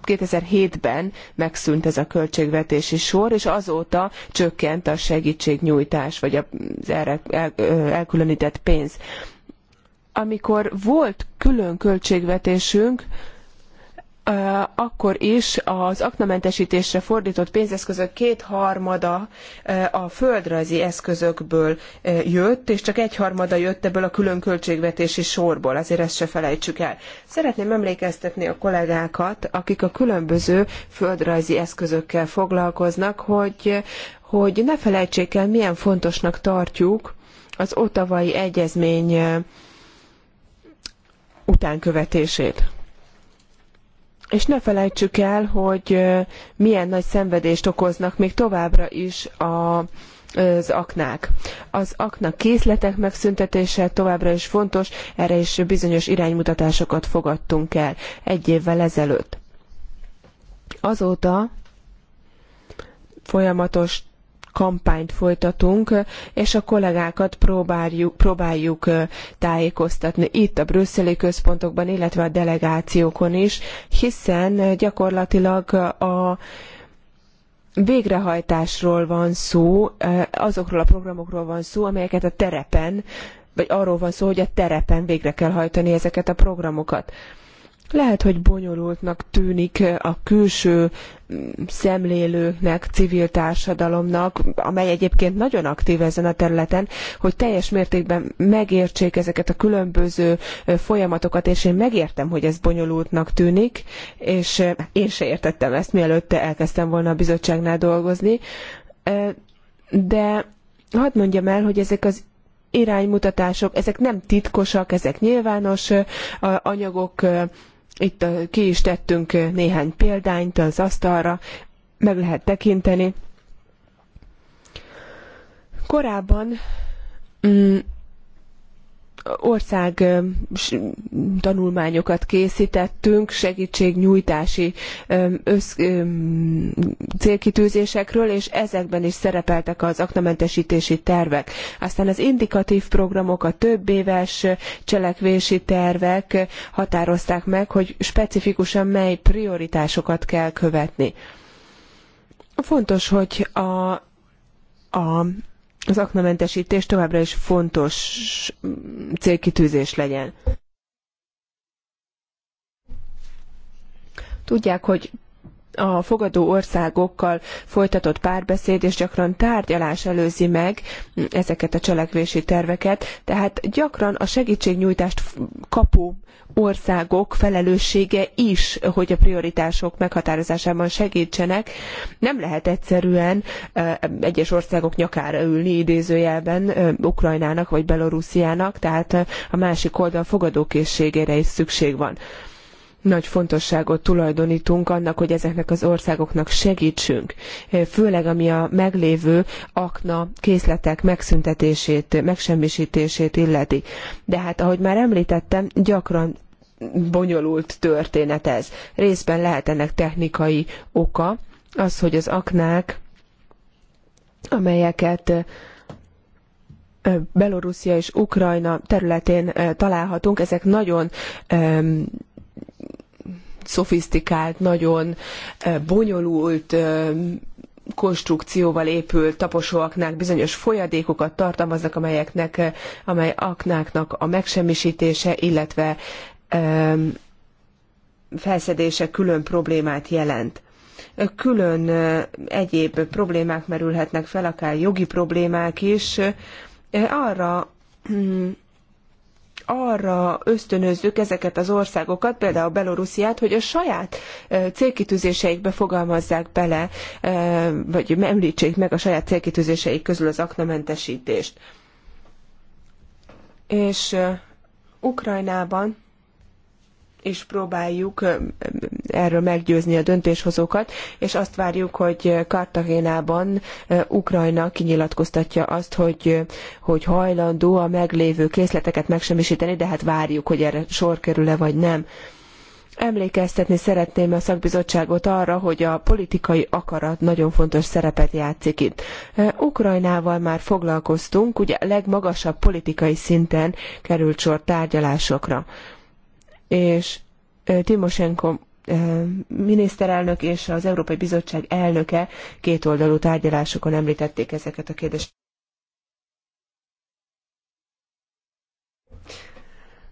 2007-ben megszűnt ez a költségvetési sor, és azóta csökkent a segítségnyújtás, vagy az erre elkülönített pénz. Amikor volt külön költségvetésünk, akkor is az aknamentesítésre fordított pénzeszközök kétharmada a földrajzi eszközökből jött, és csak egyharmada jött ebből a külön költségvetési sorból, azért ezt se felejtsük el. Szeretném emlékeztetni a kollégákat, akik a különböző földrajzi eszközökkel foglalkoznak, hogy, hogy ne felejtsék el, milyen fontosnak tartjuk az ottavai egyezmény utánkövetését és ne felejtsük el, hogy milyen nagy szenvedést okoznak még továbbra is a, az aknák. Az akna készletek megszüntetése továbbra is fontos, erre is bizonyos iránymutatásokat fogadtunk el egy évvel ezelőtt. Azóta folyamatos kampányt folytatunk, és a kollégákat próbáljuk, próbáljuk tájékoztatni itt a brüsszeli központokban, illetve a delegációkon is, hiszen gyakorlatilag a végrehajtásról van szó, azokról a programokról van szó, amelyeket a terepen, vagy arról van szó, hogy a terepen végre kell hajtani ezeket a programokat. Lehet, hogy bonyolultnak tűnik a külső mm, szemlélőknek, civil társadalomnak, amely egyébként nagyon aktív ezen a területen, hogy teljes mértékben megértsék ezeket a különböző folyamatokat, és én megértem, hogy ez bonyolultnak tűnik, és én se értettem ezt, mielőtt elkezdtem volna a bizottságnál dolgozni, de hadd mondjam el, hogy ezek az iránymutatások, ezek nem titkosak, ezek nyilvános anyagok, itt ki is tettünk néhány példányt az asztalra, meg lehet tekinteni. Korábban mm, ország tanulmányokat készítettünk segítségnyújtási össz, célkitűzésekről, és ezekben is szerepeltek az aknamentesítési tervek. Aztán az indikatív programok, a több éves cselekvési tervek határozták meg, hogy specifikusan mely prioritásokat kell követni. Fontos, hogy a, a az aknamentesítés továbbra is fontos mm, célkitűzés legyen. Tudják, hogy a fogadó országokkal folytatott párbeszéd és gyakran tárgyalás előzi meg ezeket a cselekvési terveket, tehát gyakran a segítségnyújtást kapó országok felelőssége is, hogy a prioritások meghatározásában segítsenek. Nem lehet egyszerűen egyes országok nyakára ülni idézőjelben Ukrajnának vagy Belorussziának, tehát a másik oldal fogadókészségére is szükség van nagy fontosságot tulajdonítunk annak, hogy ezeknek az országoknak segítsünk, főleg ami a meglévő akna készletek megszüntetését, megsemmisítését illeti. De hát, ahogy már említettem, gyakran bonyolult történet ez. Részben lehet ennek technikai oka, az, hogy az aknák, amelyeket Belorusszia és Ukrajna területén találhatunk, ezek nagyon szofisztikált, nagyon bonyolult konstrukcióval épült taposóaknák bizonyos folyadékokat tartalmaznak, amelyeknek, amely aknáknak a megsemmisítése, illetve felszedése külön problémát jelent. Külön egyéb problémák merülhetnek fel, akár jogi problémák is. Arra arra ösztönözzük ezeket az országokat, például Belorussziát, hogy a saját célkitűzéseikbe fogalmazzák bele, vagy említsék meg a saját célkitűzéseik közül az aknamentesítést. És Ukrajnában és próbáljuk erről meggyőzni a döntéshozókat, és azt várjuk, hogy Kartagénában Ukrajna kinyilatkoztatja azt, hogy, hogy hajlandó a meglévő készleteket megsemmisíteni, de hát várjuk, hogy erre sor kerül-e vagy nem. Emlékeztetni szeretném a szakbizottságot arra, hogy a politikai akarat nagyon fontos szerepet játszik itt. Ukrajnával már foglalkoztunk, ugye legmagasabb politikai szinten került sor tárgyalásokra és Timoshenko miniszterelnök és az Európai Bizottság elnöke kétoldalú tárgyalásokon említették ezeket a kérdéseket.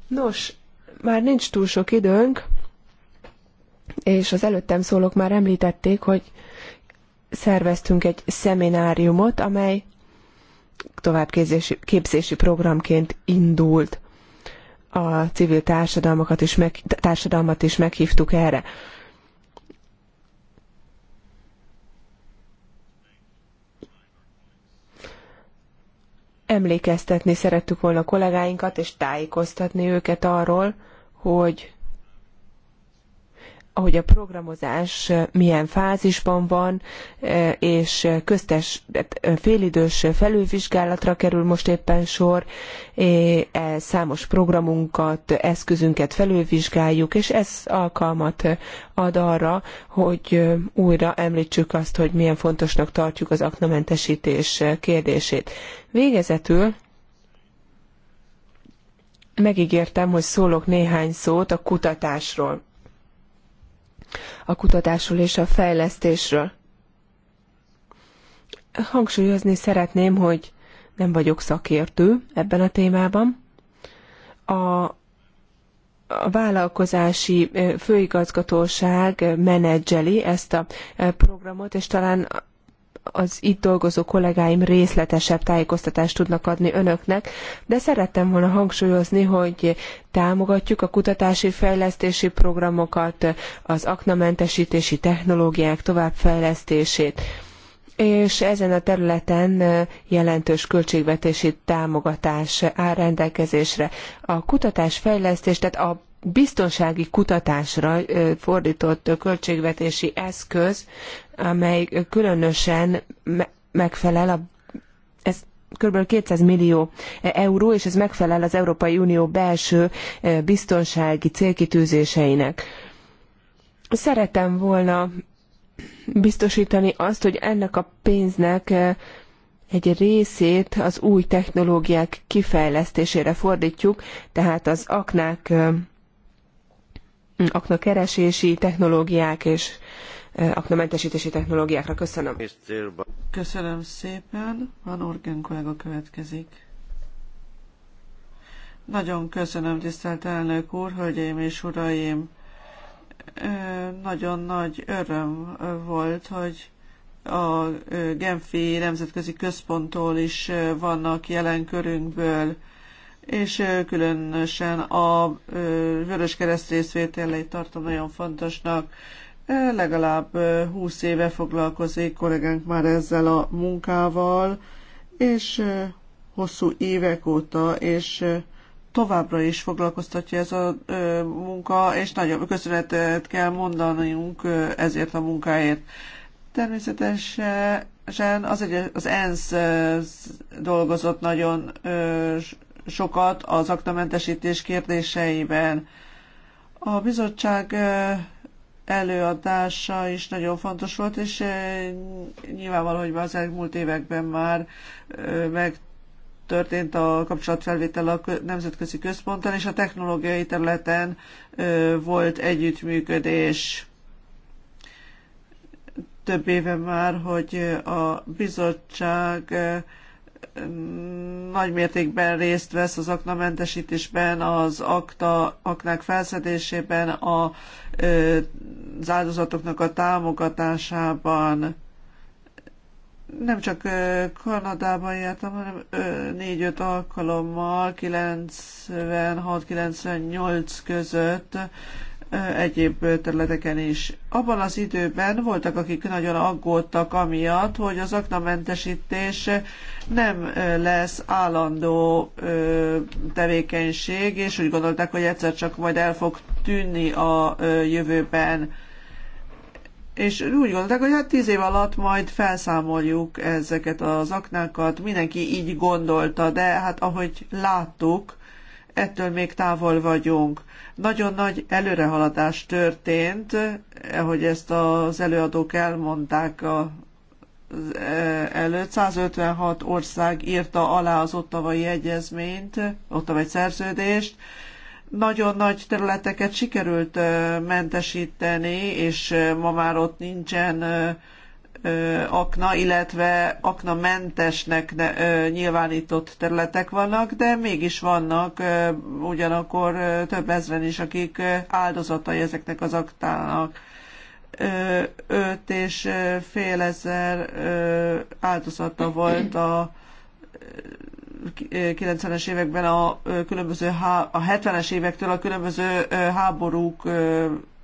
Nos, már nincs túl sok időnk, és az előttem szólók már említették, hogy szerveztünk egy szemináriumot, amely továbbképzési képzési programként indult a civil társadalmakat is meg, társadalmat is meghívtuk erre. Emlékeztetni szerettük volna kollégáinkat, és tájékoztatni őket arról, hogy hogy a programozás milyen fázisban van, e, és köztes e, félidős felülvizsgálatra kerül most éppen sor. E, számos programunkat, eszközünket felülvizsgáljuk, és ez alkalmat ad arra, hogy újra említsük azt, hogy milyen fontosnak tartjuk az aknamentesítés kérdését. Végezetül megígértem, hogy szólok néhány szót a kutatásról a kutatásról és a fejlesztésről. Hangsúlyozni szeretném, hogy nem vagyok szakértő ebben a témában. A a vállalkozási főigazgatóság menedzseli ezt a programot, és talán az itt dolgozó kollégáim részletesebb tájékoztatást tudnak adni önöknek, de szerettem volna hangsúlyozni, hogy támogatjuk a kutatási fejlesztési programokat, az aknamentesítési technológiák továbbfejlesztését és ezen a területen jelentős költségvetési támogatás áll rendelkezésre. A kutatásfejlesztés, tehát a biztonsági kutatásra fordított költségvetési eszköz amely különösen megfelel a ez kb. 200 millió euró, és ez megfelel az Európai Unió belső biztonsági célkitűzéseinek. Szeretem volna biztosítani azt, hogy ennek a pénznek egy részét az új technológiák kifejlesztésére fordítjuk, tehát az aknák aknakeresési technológiák és Eh, aknamentesítési technológiákra. Köszönöm. Köszönöm szépen. Van Orgen kollega következik. Nagyon köszönöm, tisztelt elnök úr, hölgyeim és uraim. Nagyon nagy öröm volt, hogy a Genfi Nemzetközi Központtól is vannak jelen körünkből, és különösen a vörös kereszt részvételeit tartom nagyon fontosnak. Legalább 20 éve foglalkozik kollégánk már ezzel a munkával, és hosszú évek óta, és továbbra is foglalkoztatja ez a munka, és nagyobb köszönetet kell mondanunk ezért a munkáért. Természetesen az, egy, az ENSZ dolgozott nagyon sokat az aktamentesítés kérdéseiben. A bizottság előadása is nagyon fontos volt, és eh, nyilvánvaló, hogy az elmúlt években már eh, meg történt a kapcsolatfelvétel a Nemzetközi Központtal, és a technológiai területen eh, volt együttműködés több éve már, hogy a bizottság nagy mértékben részt vesz az aknamentesítésben, az akta, aknák felszedésében, a, az áldozatoknak a támogatásában. Nem csak Kanadában jártam, hanem 4-5 alkalommal, 96-98 között egyéb területeken is. Abban az időben voltak, akik nagyon aggódtak amiatt, hogy az aknamentesítés nem lesz állandó tevékenység, és úgy gondolták, hogy egyszer csak majd el fog tűnni a jövőben. És úgy gondolták, hogy hát tíz év alatt majd felszámoljuk ezeket az aknákat, mindenki így gondolta, de hát ahogy láttuk, ettől még távol vagyunk nagyon nagy előrehaladás történt, ahogy ezt az előadók elmondták a e, előtt 156 ország írta alá az ottavai egyezményt, ottavai szerződést. Nagyon nagy területeket sikerült mentesíteni, és ma már ott nincsen akna, illetve akna mentesnek nyilvánított területek vannak, de mégis vannak ugyanakkor több ezren is, akik áldozatai ezeknek az aktának. 5 és fél ezer áldozata volt a 90-es években a különböző, a 70-es évektől a különböző háborúk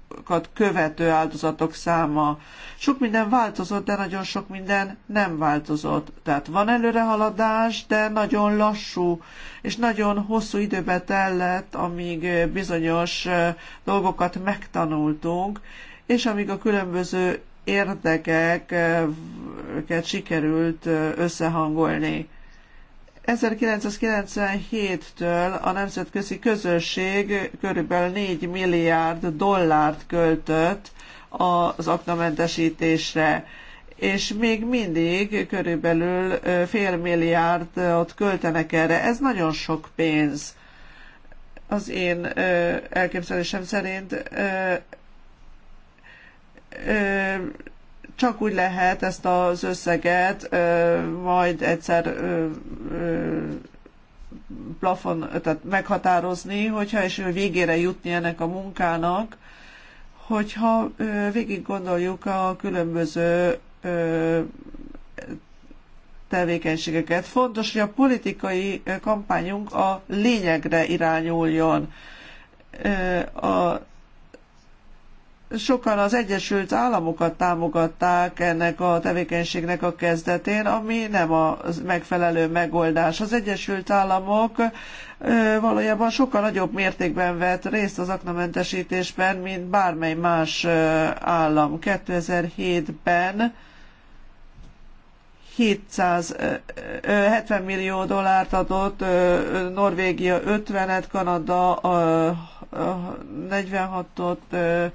áldozatokat követő áldozatok száma. Sok minden változott, de nagyon sok minden nem változott. Tehát van előrehaladás, de nagyon lassú, és nagyon hosszú időbe tellett, amíg eh, bizonyos eh, dolgokat megtanultunk, és amíg a különböző érdekeket eh, sikerült összehangolni. 1997-től a nemzetközi közösség körülbelül 4 milliárd dollárt költött az aknamentesítésre, és még mindig körülbelül fél milliárdot költenek erre. Ez nagyon sok pénz. Az én elképzelésem szerint csak úgy lehet ezt az összeget majd egyszer plafon, tehát meghatározni, hogyha és végére jutni ennek a munkának, hogyha végig gondoljuk a különböző tevékenységeket. Fontos, hogy a politikai kampányunk a lényegre irányuljon. A sokan az Egyesült Államokat támogatták ennek a tevékenységnek a kezdetén, ami nem a megfelelő megoldás. Az Egyesült Államok valójában sokkal nagyobb mértékben vett részt az aknamentesítésben, mint bármely más állam. 2007-ben 770 millió dollárt adott, Norvégia 50-et, Kanada 46-ot,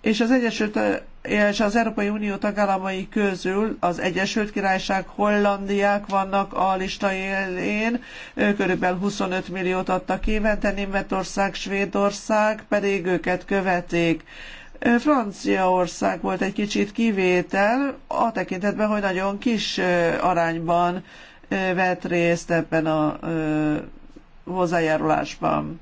és az Egyesült és az Európai Unió tagállamai közül az Egyesült Királyság hollandiák vannak a lista élén, körülbelül 25 milliót adtak évente, Németország, Svédország pedig őket követik. Franciaország volt egy kicsit kivétel, a tekintetben, hogy nagyon kis arányban vett részt ebben a hozzájárulásban.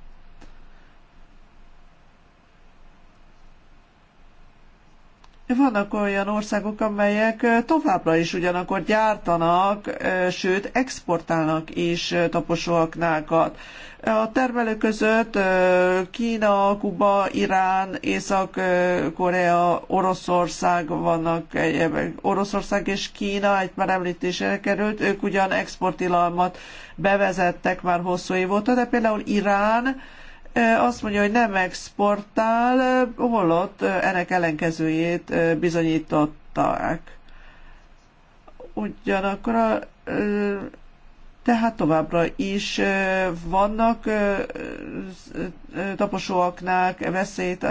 Vannak olyan országok, amelyek továbbra is ugyanakkor gyártanak, sőt exportálnak is taposóaknákat. A termelők között Kína, Kuba, Irán, Észak-Korea, Oroszország vannak, Oroszország és Kína, egy már említésre került, ők ugyan exportilalmat bevezettek már hosszú év óta, de például Irán azt mondja, hogy nem exportál, holott ennek ellenkezőjét bizonyították. Ugyanakkor a, tehát továbbra is vannak taposóaknák veszélyt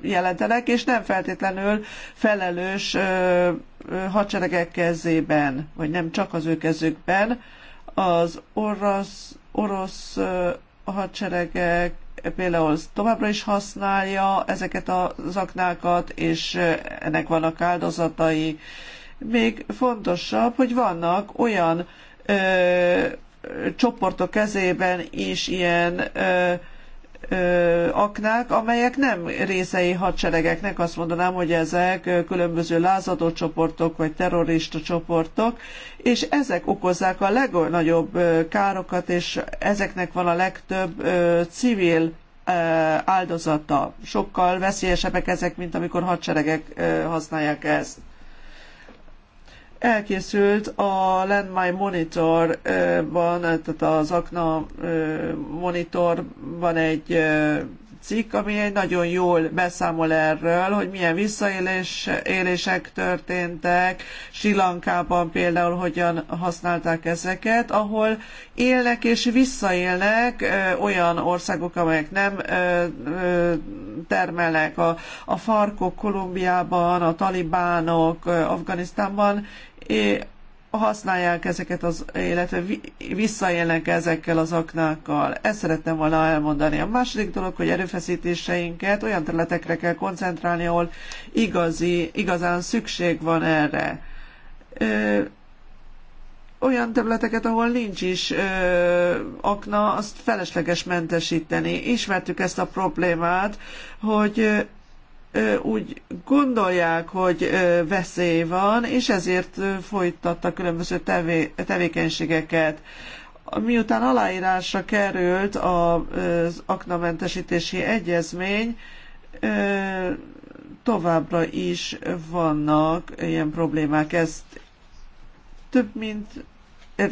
jelentenek, és nem feltétlenül felelős hadseregek kezében, vagy nem csak az ő kezükben. Az orosz, orosz a hadsereg például továbbra is használja ezeket az aknákat, és ennek vannak áldozatai. Még fontosabb, hogy vannak olyan ö, csoportok kezében is ilyen ö, aknák, amelyek nem részei hadseregeknek, azt mondanám, hogy ezek különböző lázadó csoportok vagy terrorista csoportok, és ezek okozzák a legnagyobb károkat, és ezeknek van a legtöbb civil áldozata. Sokkal veszélyesebbek ezek, mint amikor hadseregek használják ezt elkészült a Monitor Monitorban, tehát az akna monitorban egy cikk, ami egy nagyon jól beszámol erről, hogy milyen visszaélések történtek, Sri Lankában például hogyan használták ezeket, ahol élnek és visszaélnek ö, olyan országok, amelyek nem ö, ö, termelnek, a, a farkok Kolumbiában, a talibánok ö, Afganisztánban, használják ezeket az, illetve visszaélnek ezekkel az aknákkal. Ezt szerettem volna elmondani. A második dolog, hogy erőfeszítéseinket olyan területekre kell koncentrálni, ahol igazi, igazán szükség van erre. Ö, olyan területeket, ahol nincs is ö, akna, azt felesleges mentesíteni. Ismertük ezt a problémát, hogy úgy gondolják, hogy veszély van, és ezért folytatta különböző tevé, tevékenységeket. Miután aláírásra került az aknamentesítési egyezmény, továbbra is vannak ilyen problémák. Ezt több mint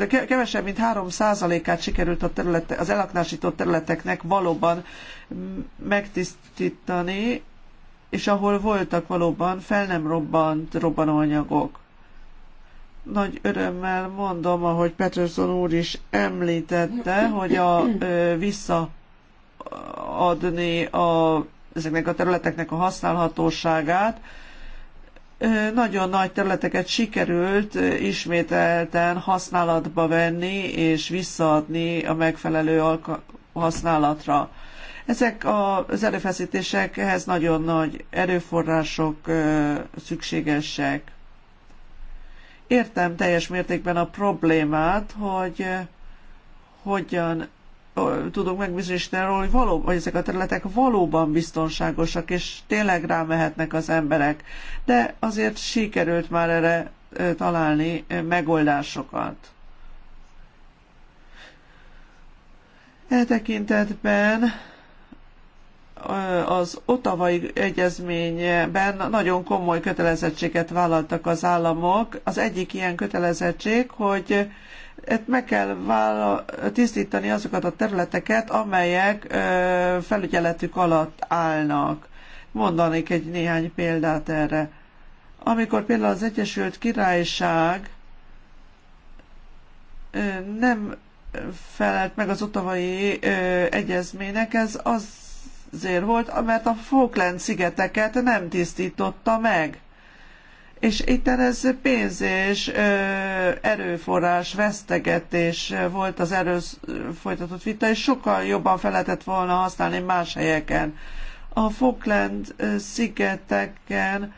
kevesebb, mint 3 át sikerült a területe, az elaknásított területeknek valóban megtisztítani, és ahol voltak valóban fel nem robbant robbanóanyagok. Nagy örömmel mondom, ahogy Peterson úr is említette, hogy a ö, visszaadni a, ezeknek a területeknek a használhatóságát, nagyon nagy területeket sikerült ismételten használatba venni és visszaadni a megfelelő használatra. Ezek az erőfeszítésekhez nagyon nagy erőforrások szükségesek. Értem teljes mértékben a problémát, hogy hogyan tudunk megbizonyítani arról, hogy, való, hogy ezek a területek valóban biztonságosak, és tényleg rámehetnek az emberek. De azért sikerült már erre találni megoldásokat. E tekintetben az otavai egyezményben nagyon komoly kötelezettséget vállaltak az államok. Az egyik ilyen kötelezettség, hogy hát meg kell vállal, tisztítani azokat a területeket, amelyek felügyeletük alatt állnak. Mondanék egy néhány példát erre. Amikor például az Egyesült Királyság nem felelt meg az otavai egyezménynek, ez az azért volt, mert a Falkland-szigeteket nem tisztította meg. És itt ez pénz és ö, erőforrás vesztegetés volt az erős folytatott vita, és sokkal jobban fel lehetett volna használni más helyeken. A Falkland szigeteken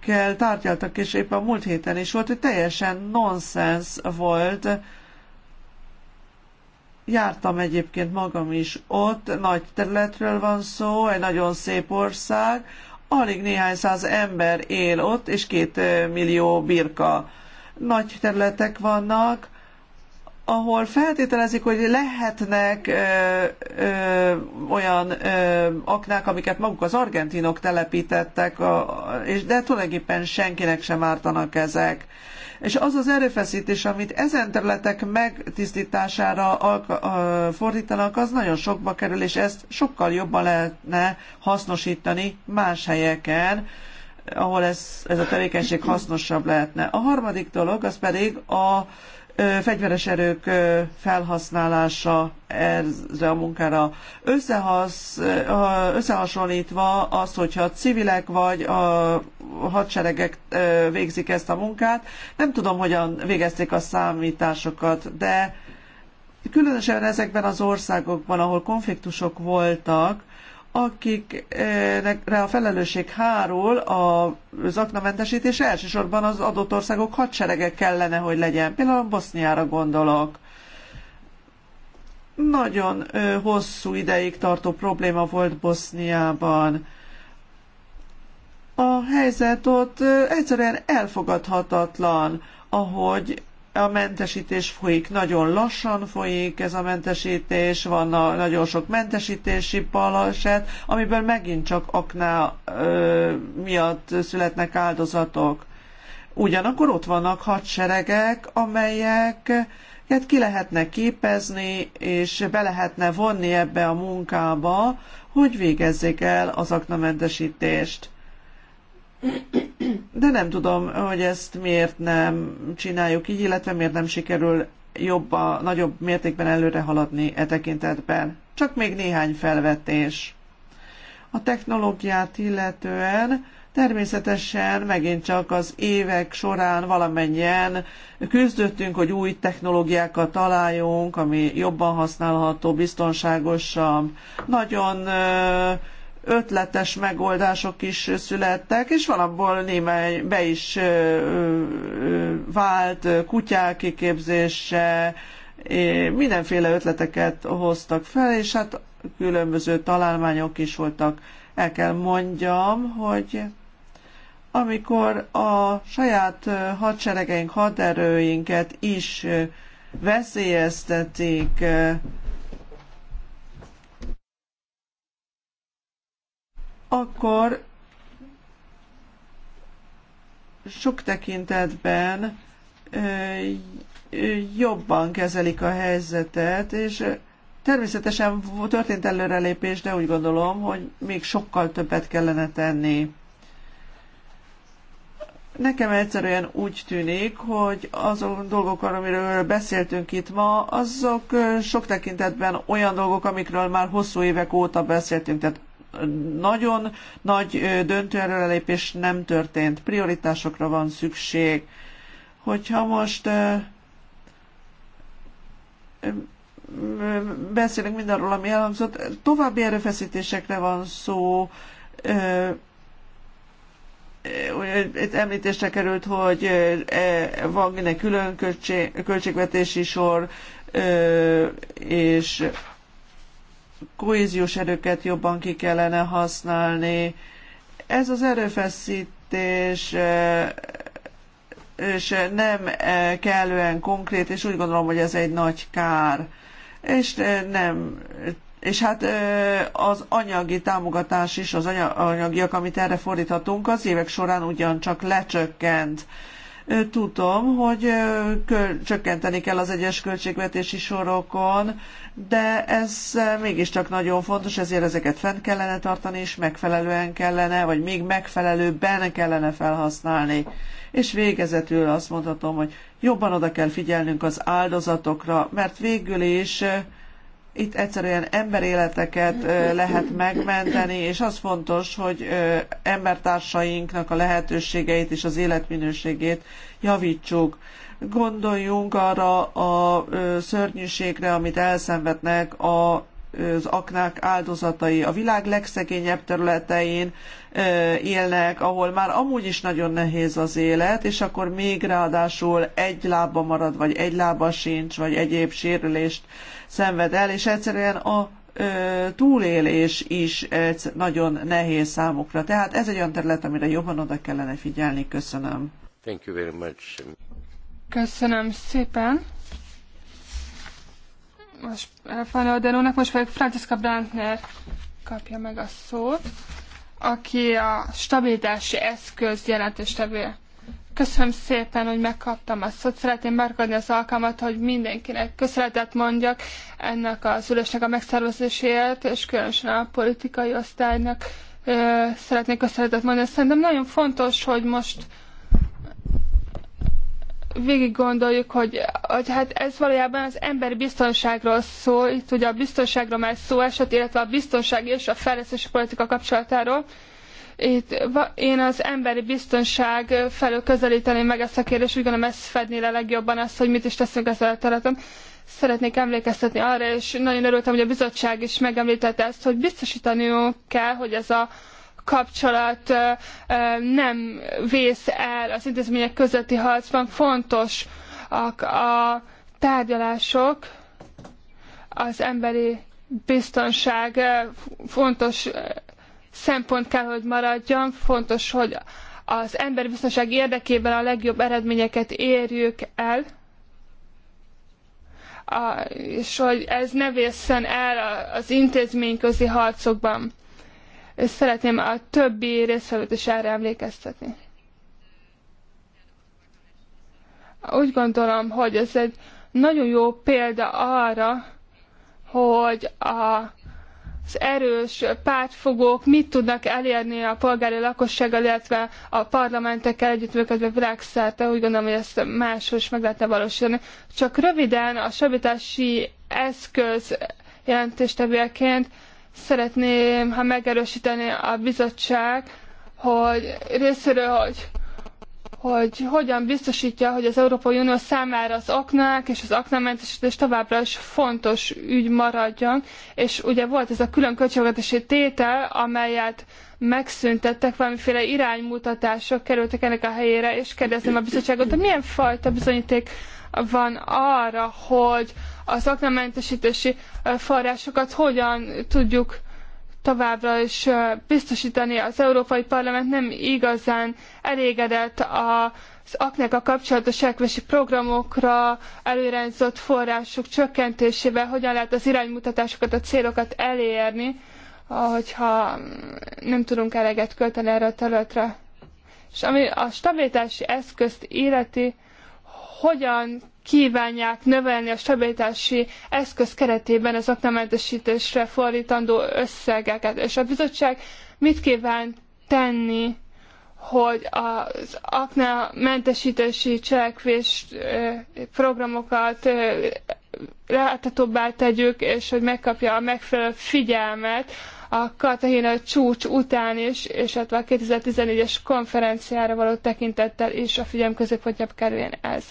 kell tárgyaltak, és éppen a múlt héten is volt, hogy teljesen nonsens volt, Jártam egyébként magam is ott, nagy területről van szó, egy nagyon szép ország, alig néhány száz ember él ott, és két millió birka. Nagy területek vannak, ahol feltételezik, hogy lehetnek ö, ö, olyan ö, aknák, amiket maguk az argentinok telepítettek, a, és de tulajdonképpen senkinek sem ártanak ezek. És az az erőfeszítés, amit ezen területek megtisztítására fordítanak, az nagyon sokba kerül, és ezt sokkal jobban lehetne hasznosítani más helyeken, ahol ez, ez a tevékenység hasznosabb lehetne. A harmadik dolog az pedig a fegyveres erők felhasználása erre a munkára. Összehasz, összehasonlítva azt, hogyha civilek vagy a hadseregek végzik ezt a munkát, nem tudom, hogyan végezték a számításokat, de különösen ezekben az országokban, ahol konfliktusok voltak, akikre a felelősség hárul a zaknamentesítés elsősorban az adott országok hadserege kellene, hogy legyen. Például Boszniára gondolok. Nagyon hosszú ideig tartó probléma volt Boszniában. A helyzet ott egyszerűen elfogadhatatlan, ahogy a mentesítés folyik, nagyon lassan folyik ez a mentesítés, van a, nagyon sok mentesítési baleset, amiből megint csak akná ö, miatt születnek áldozatok. Ugyanakkor ott vannak hadseregek, amelyek őket hát ki lehetne képezni, és be lehetne vonni ebbe a munkába, hogy végezzék el az aknamentesítést. De nem tudom, hogy ezt miért nem csináljuk így, illetve miért nem sikerül jobba, nagyobb mértékben előre haladni e tekintetben. Csak még néhány felvetés. A technológiát illetően természetesen megint csak az évek során valamennyien küzdöttünk, hogy új technológiákat találjunk, ami jobban használható, biztonságosabb. Nagyon ö, ötletes megoldások is születtek, és van abból némely be is vált, kutyák kiképzése, mindenféle ötleteket hoztak fel, és hát különböző találmányok is voltak. El kell mondjam, hogy amikor a saját hadseregeink, haderőinket is veszélyeztetik, akkor sok tekintetben jobban kezelik a helyzetet, és természetesen történt előrelépés, de úgy gondolom, hogy még sokkal többet kellene tenni. Nekem egyszerűen úgy tűnik, hogy azok a dolgok, amiről beszéltünk itt ma, azok sok tekintetben olyan dolgok, amikről már hosszú évek óta beszéltünk. Tehát nagyon nagy döntő előrelépés nem történt, prioritásokra van szükség. Hogyha most beszélünk mindenről, ami elhangzott, további erőfeszítésekre van szó, itt említésre került, hogy e, van minden külön költség, költségvetési sor, és kohéziós erőket jobban ki kellene használni. Ez az erőfeszítés és nem kellően konkrét, és úgy gondolom, hogy ez egy nagy kár. És nem és hát az anyagi támogatás is, az anyagiak, amit erre fordíthatunk, az évek során ugyancsak lecsökkent Tudom, hogy csökkenteni kell az egyes költségvetési sorokon, de ez mégiscsak nagyon fontos, ezért ezeket fent kellene tartani, és megfelelően kellene, vagy még megfelelőbben kellene felhasználni. És végezetül azt mondhatom, hogy jobban oda kell figyelnünk az áldozatokra, mert végül is itt egyszerűen emberéleteket lehet megmenteni, és az fontos, hogy embertársainknak a lehetőségeit és az életminőségét javítsuk. Gondoljunk arra a szörnyűségre, amit elszenvednek a az aknák áldozatai a világ legszegényebb területein élnek, ahol már amúgy is nagyon nehéz az élet, és akkor még ráadásul egy lába marad, vagy egy lába sincs, vagy egyéb sérülést szenved el, és egyszerűen a túlélés is nagyon nehéz számukra. Tehát ez egy olyan terület, amire jobban oda kellene figyelni. Köszönöm. Thank you very much. Köszönöm szépen most eh, Adelónak, most pedig Franciska Brandner kapja meg a szót, aki a stabilitási eszköz jelentős tevő. Köszönöm szépen, hogy megkaptam a szót. Szeretném megadni az alkalmat, hogy mindenkinek köszönetet mondjak ennek az ülésnek a megszervezéséért, és különösen a politikai osztálynak eh, szeretnék köszönetet mondani. Szerintem nagyon fontos, hogy most végig gondoljuk, hogy, hogy hát ez valójában az emberi biztonságról szól, itt ugye a biztonságról már szó esett, illetve a biztonság és a fejlesztési politika kapcsolatáról. Itt, én az emberi biztonság felől közelíteném meg ezt a kérdést, úgy gondolom ezt fedné le legjobban azt, hogy mit is teszünk ezzel a területen. Szeretnék emlékeztetni arra, és nagyon örültem, hogy a bizottság is megemlítette ezt, hogy biztosítaniuk kell, hogy ez a kapcsolat nem vész el az intézmények közötti harcban. Fontosak a tárgyalások, az emberi biztonság fontos szempont kell, hogy maradjon, fontos, hogy az emberi biztonság érdekében a legjobb eredményeket érjük el, és hogy ez ne vészen el az intézményközi harcokban és szeretném a többi részfelőt is erre emlékeztetni. Úgy gondolom, hogy ez egy nagyon jó példa arra, hogy a az erős pártfogók mit tudnak elérni a polgári lakossággal, illetve a parlamentekkel együttműködve világszerte, úgy gondolom, hogy ezt máshol is meg lehetne valósítani. Csak röviden a sabitási eszköz jelentéstevőjeként Szeretném, ha megerősíteni a bizottság, hogy részéről, hogy hogy hogyan biztosítja, hogy az Európai Unió számára az aknák és az aknamentesítés továbbra is fontos ügy maradjon, és ugye volt ez a külön költségvetési tétel, amelyet megszüntettek, valamiféle iránymutatások kerültek ennek a helyére, és kérdezném a bizottságot, hogy milyen fajta bizonyíték van arra, hogy az aknamentesítési forrásokat hogyan tudjuk továbbra is biztosítani. Az Európai Parlament nem igazán elégedett a az a kapcsolatos cselekvési programokra előirányzott források csökkentésével, hogyan lehet az iránymutatásokat, a célokat elérni, hogyha nem tudunk eleget költeni erre a területre. És ami a stabilitási eszközt illeti, hogyan kívánják növelni a stabilitási eszköz keretében az aknamentesítésre fordítandó összegeket, és a bizottság mit kíván tenni, hogy az mentesítési cselekvés programokat láthatóbbá tegyük, és hogy megkapja a megfelelő figyelmet a Katahina csúcs után is, és hát a 2014-es konferenciára való tekintettel is a figyelm középpontjába kerüljön ez.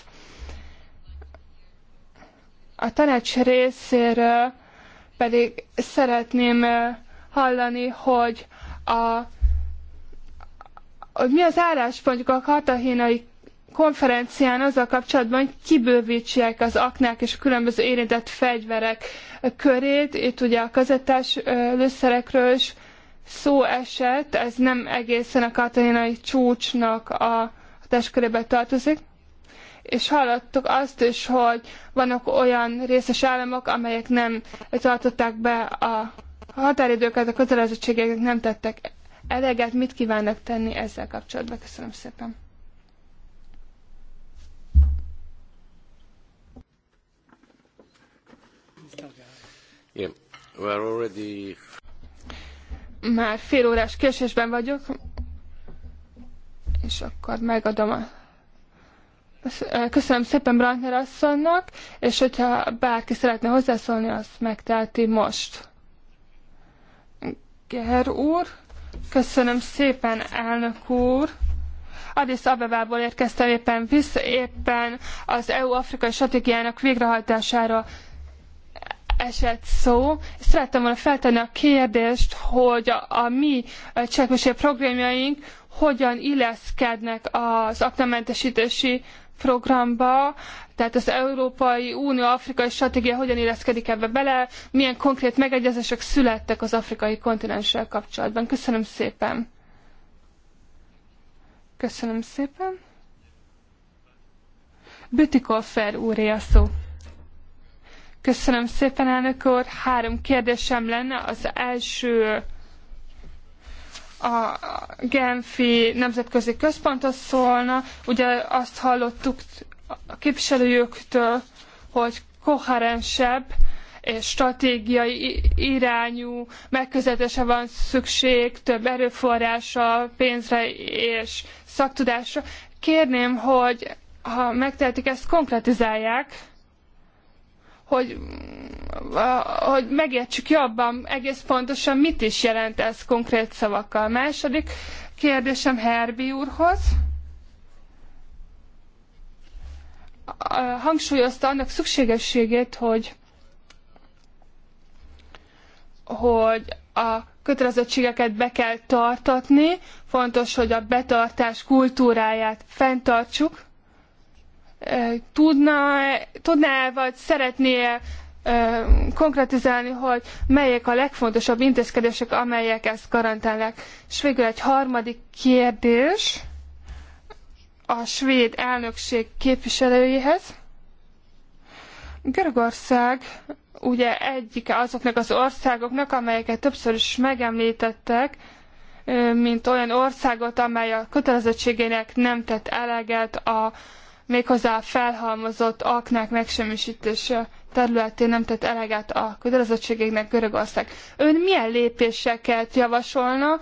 A tanács részéről pedig szeretném hallani, hogy a hogy mi az álláspontjuk a katahínai konferencián azzal kapcsolatban, hogy kibővítsék az aknák és a különböző érintett fegyverek körét. Itt ugye a kazettás lőszerekről is szó esett, ez nem egészen a katalinai csúcsnak a testkörébe tartozik. És hallottuk azt is, hogy vannak olyan részes államok, amelyek nem tartották be a határidőket, a kötelezettségeket nem tettek eleget. Mit kívánnak tenni ezzel kapcsolatban? Köszönöm szépen. Már fél órás késésben vagyok, és akkor megadom a... Köszönöm szépen Brantner asszonynak, és hogyha bárki szeretne hozzászólni, azt megteheti most. Ger úr, köszönöm szépen, elnök úr. Addis Abebából érkeztem éppen vissza, éppen az EU-Afrikai stratégiának végrehajtására esett szó. Szerettem volna feltenni a kérdést, hogy a, a mi cselekvési programjaink hogyan illeszkednek az aknamentesítési programba, tehát az Európai Unió afrikai stratégia hogyan illeszkedik ebbe bele, milyen konkrét megegyezések születtek az afrikai kontinenssel kapcsolatban. Köszönöm szépen! Köszönöm szépen! Bütikoffer úré a szó. Köszönöm szépen, elnök úr. Három kérdésem lenne. Az első a Genfi Nemzetközi Központhoz szólna. Ugye azt hallottuk a képviselőjüktől, hogy koherensebb és stratégiai irányú megközelítése van szükség, több erőforrása, pénzre és szaktudásra. Kérném, hogy ha megtehetik, ezt konkretizálják, hogy, mm, hogy megértsük jobban egész pontosan, mit is jelent ez konkrét szavakkal. Második kérdésem Herbi úrhoz. Hangsúlyozta annak szükségességét, hogy hogy a kötelezettségeket be kell tartatni, fontos, hogy a betartás kultúráját fenntartsuk, tudna, tudná -e vagy szeretné konkretizálni, hogy melyek a legfontosabb intézkedések, amelyek ezt garantálják. És végül egy harmadik kérdés a svéd elnökség képviselőjéhez. Görögország ugye egyike azoknak az országoknak, amelyeket többször is megemlítettek, mint olyan országot, amely a kötelezettségének nem tett eleget a méghozzá a felhalmozott aknák megsemmisítése területén nem tett eleget a kötelezettségeknek Görögország. Ön milyen lépéseket javasolna,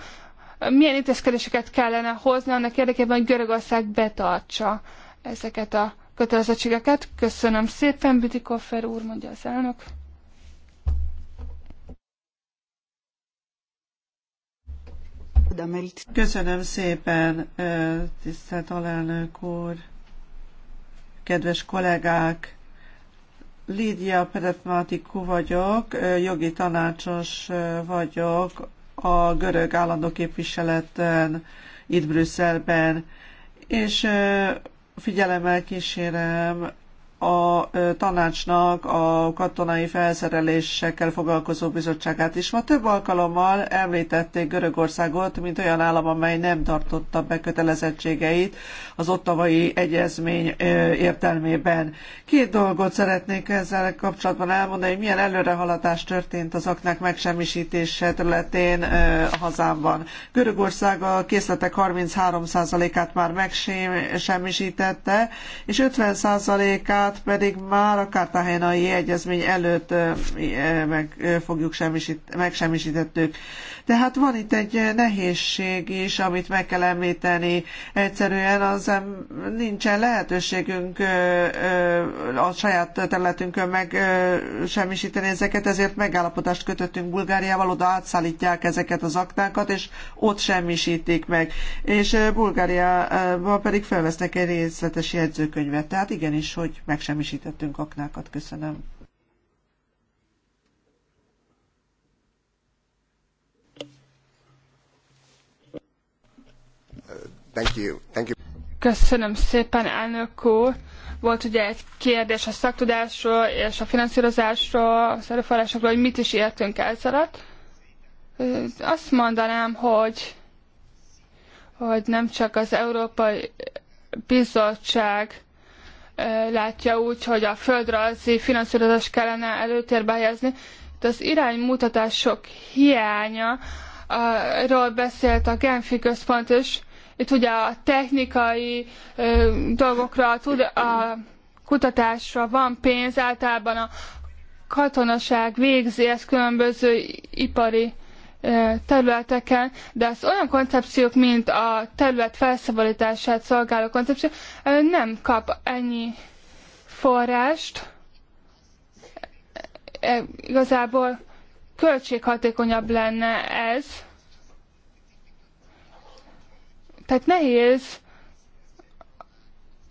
milyen intézkedéseket kellene hozni annak érdekében, hogy Görögország betartsa ezeket a kötelezettségeket? Köszönöm szépen, Bütikoffer úr, mondja az elnök. Köszönöm szépen, tisztelt alelnök úr kedves kollégák! Lídia Pedematikú vagyok, jogi tanácsos vagyok a görög állandó képviseleten itt Brüsszelben, és figyelemmel kísérem a tanácsnak a katonai felszerelésekkel foglalkozó bizottságát is. Ma több alkalommal említették Görögországot, mint olyan állam, amely nem tartotta be kötelezettségeit az ottavai egyezmény értelmében. Két dolgot szeretnék ezzel kapcsolatban elmondani, hogy milyen előrehaladás történt az aknák megsemmisítése területén a hazámban. Görögország a készletek 33%-át már megsemmisítette, és 50%-át Kártát pedig már a Cartagenai egyezmény előtt meg fogjuk semmisít, megsemmisítettük. Tehát van itt egy nehézség is, amit meg kell említeni. Egyszerűen az nincsen lehetőségünk a saját területünkön megsemmisíteni ezeket, ezért megállapodást kötöttünk Bulgáriával, oda átszállítják ezeket az aktákat, és ott semmisítik meg. És Bulgáriában pedig felvesznek egy részletes jegyzőkönyvet. Tehát igenis, hogy meg megsemmisítettünk aknákat. Köszönöm. Thank you. Thank you. Köszönöm szépen, elnök úr. Volt ugye egy kérdés a szaktudásról és a finanszírozásról, az erőforrásokról, hogy mit is értünk ezzel alatt. Azt mondanám, hogy, hogy nem csak az Európai Bizottság látja úgy, hogy a földrajzi finanszírozást kellene előtérbe helyezni. De az iránymutatások hiánya, ról beszélt a Genfi központ, és itt ugye a technikai dolgokra, a kutatásra van pénz, általában a katonaság végzi ezt különböző ipari területeken, de az olyan koncepciók, mint a terület felszabadítását szolgáló koncepció nem kap ennyi forrást. Igazából költséghatékonyabb lenne ez. Tehát nehéz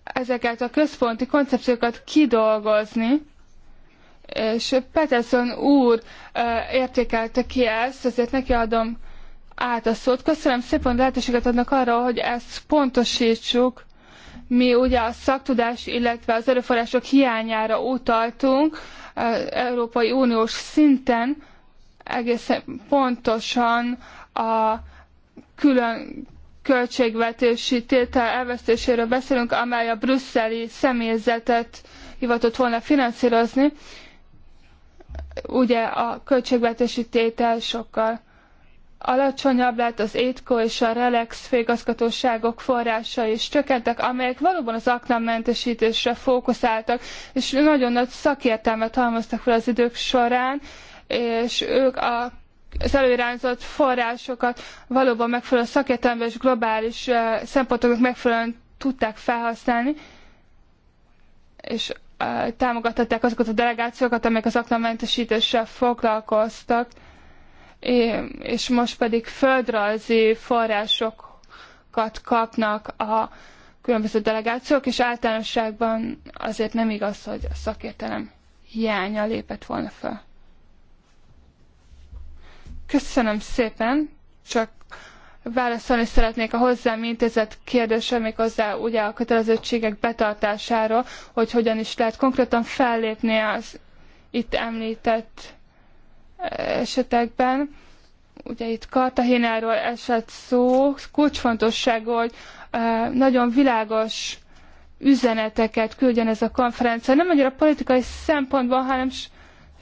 ezeket a központi koncepciókat kidolgozni, és Peterson úr értékelte ki ezt, ezért neki adom át a szót. Köszönöm szépen, lehetőséget adnak arra, hogy ezt pontosítsuk. Mi ugye a szaktudás, illetve az erőforrások hiányára utaltunk Európai Uniós szinten, egészen pontosan a külön költségvetési tétel elvesztéséről beszélünk, amely a brüsszeli személyzetet hivatott volna finanszírozni, ugye a költségvetési tétel sokkal alacsonyabb lett, az étkó és a Relax főigazgatóságok forrása is csökkentek, amelyek valóban az aknamentesítésre fókuszáltak, és nagyon nagy szakértelmet halmoztak fel az idők során, és ők a az előirányzott forrásokat valóban megfelelő szakértelemben és globális eh, szempontoknak megfelelően tudták felhasználni, és támogatták azokat a delegációkat, amelyek az aknamentesítéssel foglalkoztak, és most pedig földrajzi forrásokat kapnak a különböző delegációk, és általánosságban azért nem igaz, hogy a szakértelem hiánya lépett volna fel. Köszönöm szépen, csak válaszolni szeretnék a hozzám intézett kérdésre, méghozzá ugye a kötelezettségek betartásáról, hogy hogyan is lehet konkrétan fellépni az itt említett e, esetekben. Ugye itt Kartahénáról esett szó, kulcsfontosságú, hogy e, nagyon világos üzeneteket küldjen ez a konferencia. Nem annyira politikai szempontból, hanem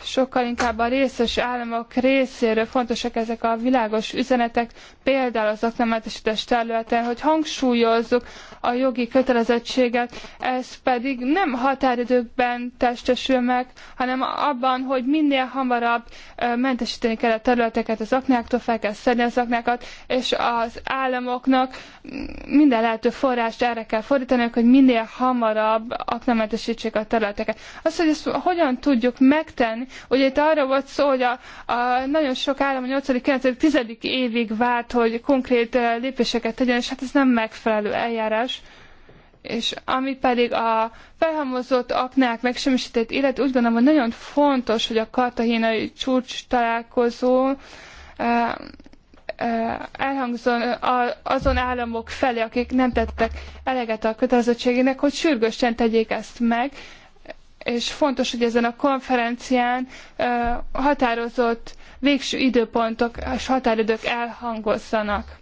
sokkal inkább a részes államok részéről fontosak ezek a világos üzenetek, például az aknamentesítés területen, hogy hangsúlyozzuk a jogi kötelezettséget, ez pedig nem határidőkben testesül meg, hanem abban, hogy minél hamarabb mentesíteni kell a területeket az aknáktól, fel kell szedni az aknákat, és az államoknak minden lehető forrást erre kell fordítani, hogy minél hamarabb aknamentesítsék a területeket. Azt, hogy ezt hogyan tudjuk megtenni, ugye itt arra volt szó, hogy a, a nagyon sok állam a 8., 9., 10. évig várt, hogy konkrét lépéseket tegyen, és hát ez nem megfelelő eljárás fontos, és ami pedig a felhamozott aknák megsemmisített élet, úgy gondolom, hogy nagyon fontos, hogy a kartahínai csúcs találkozó eh, eh, elhangzon azon államok felé, akik nem tettek eleget a kötelezettségének, hogy sürgősen tegyék ezt meg, és fontos, hogy ezen a konferencián eh, határozott végső időpontok és határidők elhangozzanak.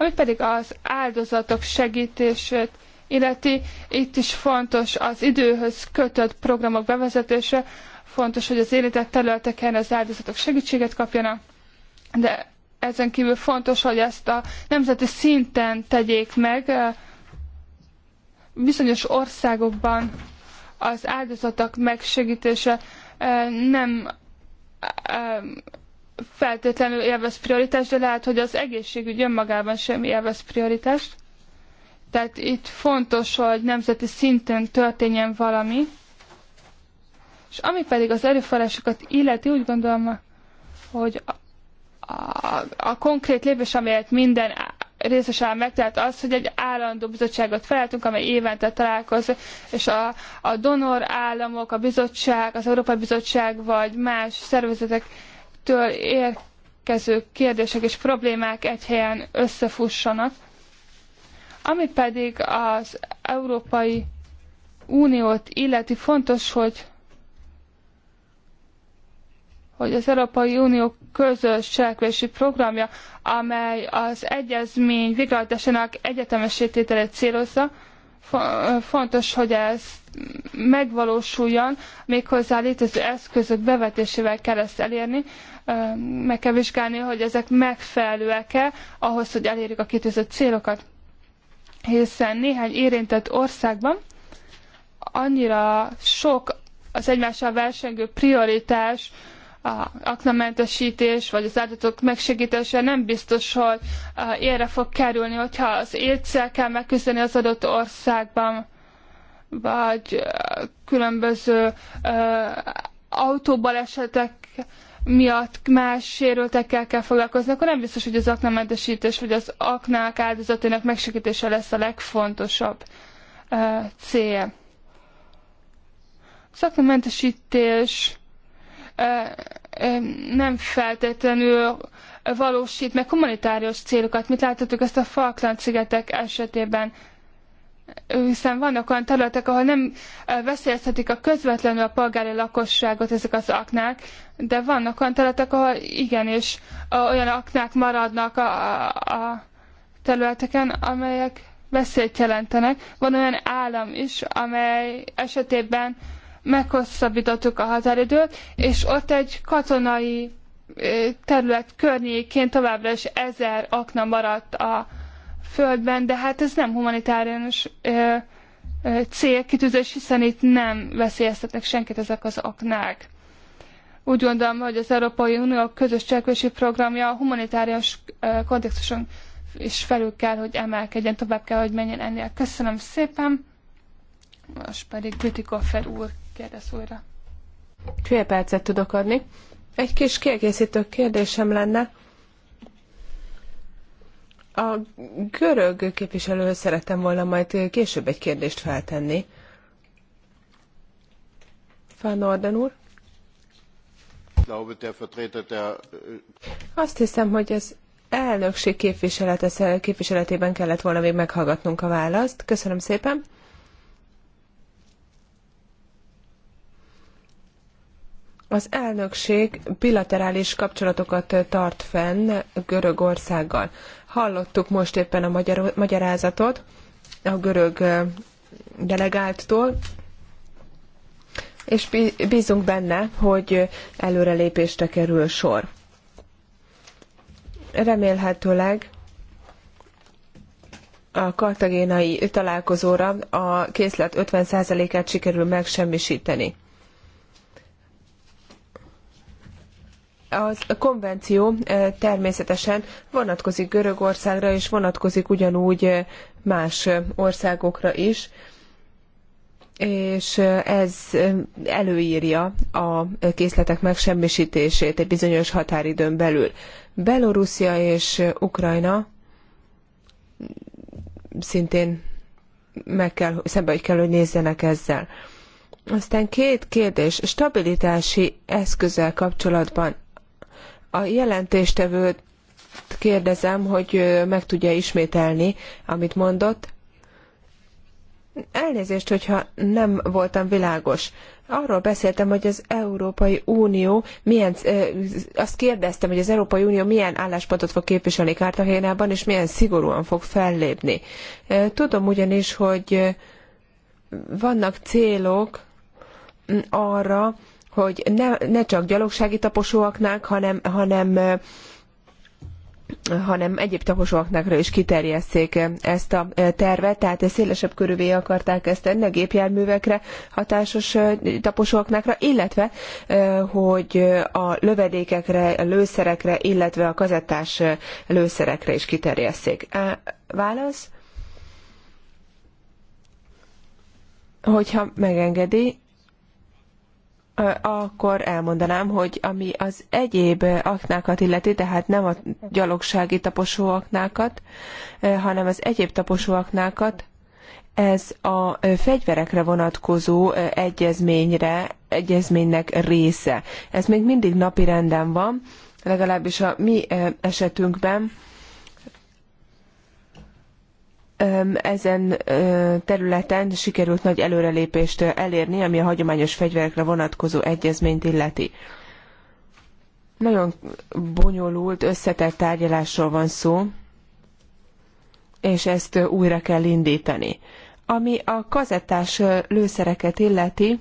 Ami pedig az áldozatok segítését illeti, itt is fontos az időhöz kötött programok bevezetése, fontos, hogy az érintett területeken az áldozatok segítséget kapjanak, de ezen kívül fontos, hogy ezt a nemzeti szinten tegyék meg. Bizonyos országokban az áldozatok megsegítése eh, nem eh, feltétlenül élvez prioritást, de lehet, hogy az egészségügy önmagában sem élvez prioritást. Tehát itt fontos, hogy nemzeti szinten történjen valami. És ami pedig az erőforrásokat illeti, úgy gondolom, hogy a, a, a konkrét lépés, amelyet minden részes meg, tehát az, hogy egy állandó bizottságot feleltünk, amely évente találkozik, és a, a donor államok, a bizottság, az Európai Bizottság vagy más szervezetek től érkező kérdések és problémák egy helyen összefussanak. Ami pedig az Európai Uniót illeti fontos, hogy hogy az Európai Unió közös cselekvési programja, amely az egyezmény végrehajtásának egyetemesítételét célozza, fontos, hogy ez megvalósuljon, méghozzá létező eszközök bevetésével kell ezt elérni. Meg kell vizsgálni, hogy ezek megfelelőek-e ahhoz, hogy elérjük a kitűzött célokat. Hiszen néhány érintett országban annyira sok az egymással versengő prioritás, a aknamentesítés vagy az áldozatok megsegítése nem biztos, hogy élre fog kerülni, hogyha az étszel kell megküzdeni az adott országban, vagy különböző autóbalesetek miatt más sérültekkel kell foglalkozni, akkor nem biztos, hogy az aknamentesítés vagy az aknák áldozatének megsegítése lesz a legfontosabb cél. Az aknamentesítés nem feltétlenül valósít meg humanitárius célokat. Mit láthatjuk ezt a Falkland-szigetek esetében? hiszen vannak olyan területek, ahol nem veszélyeztetik a közvetlenül a polgári lakosságot ezek az aknák, de vannak olyan területek, ahol igenis olyan aknák maradnak a, a területeken, amelyek veszélyt jelentenek. Van olyan állam is, amely esetében meghosszabbítottuk a határidőt, és ott egy katonai terület környékén továbbra is ezer akna maradt a földben, de hát ez nem humanitárius célkitűzés, hiszen itt nem veszélyeztetnek senkit ezek az aknák. Úgy gondolom, hogy az Európai Unió közös cselekvési programja a humanitárius kontextuson is felül kell, hogy emelkedjen, tovább kell, hogy menjen ennél. Köszönöm szépen! Most pedig Bütikofer úr kérdez újra. Fél percet tudok adni. Egy kis kiegészítő kérdésem lenne. A görög képviselőhöz szerettem volna majd később egy kérdést feltenni. Van Orden úr? Azt hiszem, hogy az elnökség képviseletében kellett volna még meghallgatnunk a választ. Köszönöm szépen. Az elnökség bilaterális kapcsolatokat tart fenn Görögországgal. Hallottuk most éppen a magyar, magyarázatot a görög delegáltól, és bízunk benne, hogy előrelépésre kerül sor. Remélhetőleg a kartagénai találkozóra a készlet 50%-át sikerül megsemmisíteni. az a konvenció természetesen vonatkozik Görögországra, és vonatkozik ugyanúgy más országokra is, és ez előírja a készletek megsemmisítését egy bizonyos határidőn belül. Belorusszia és Ukrajna szintén meg kell, szembe kell, hogy nézzenek ezzel. Aztán két kérdés stabilitási eszközzel kapcsolatban a jelentéstevőt kérdezem, hogy meg tudja ismételni, amit mondott. Elnézést, hogyha nem voltam világos. Arról beszéltem, hogy az Európai Unió milyen, azt kérdeztem, hogy az Európai Unió milyen álláspontot fog képviselni Kártagénában, és milyen szigorúan fog fellépni. Tudom ugyanis, hogy vannak célok arra, hogy ne, ne csak gyalogsági taposóaknak, hanem, hanem hanem egyéb taposóaknakra is kiterjesszék ezt a tervet, tehát szélesebb körülvé akarták ezt tenni a gépjárművekre hatásos taposóaknakra, illetve hogy a lövedékekre, a lőszerekre, illetve a kazettás lőszerekre is kiterjesszék. Válasz? Hogyha megengedi, akkor elmondanám, hogy ami az egyéb aknákat illeti, tehát nem a gyalogsági taposóaknákat, aknákat, hanem az egyéb taposó aknákat, ez a fegyverekre vonatkozó egyezményre, egyezménynek része. Ez még mindig napirenden van, legalábbis a mi esetünkben ezen területen sikerült nagy előrelépést elérni, ami a hagyományos fegyverekre vonatkozó egyezményt illeti. Nagyon bonyolult, összetett tárgyalásról van szó, és ezt újra kell indítani. Ami a kazettás lőszereket illeti,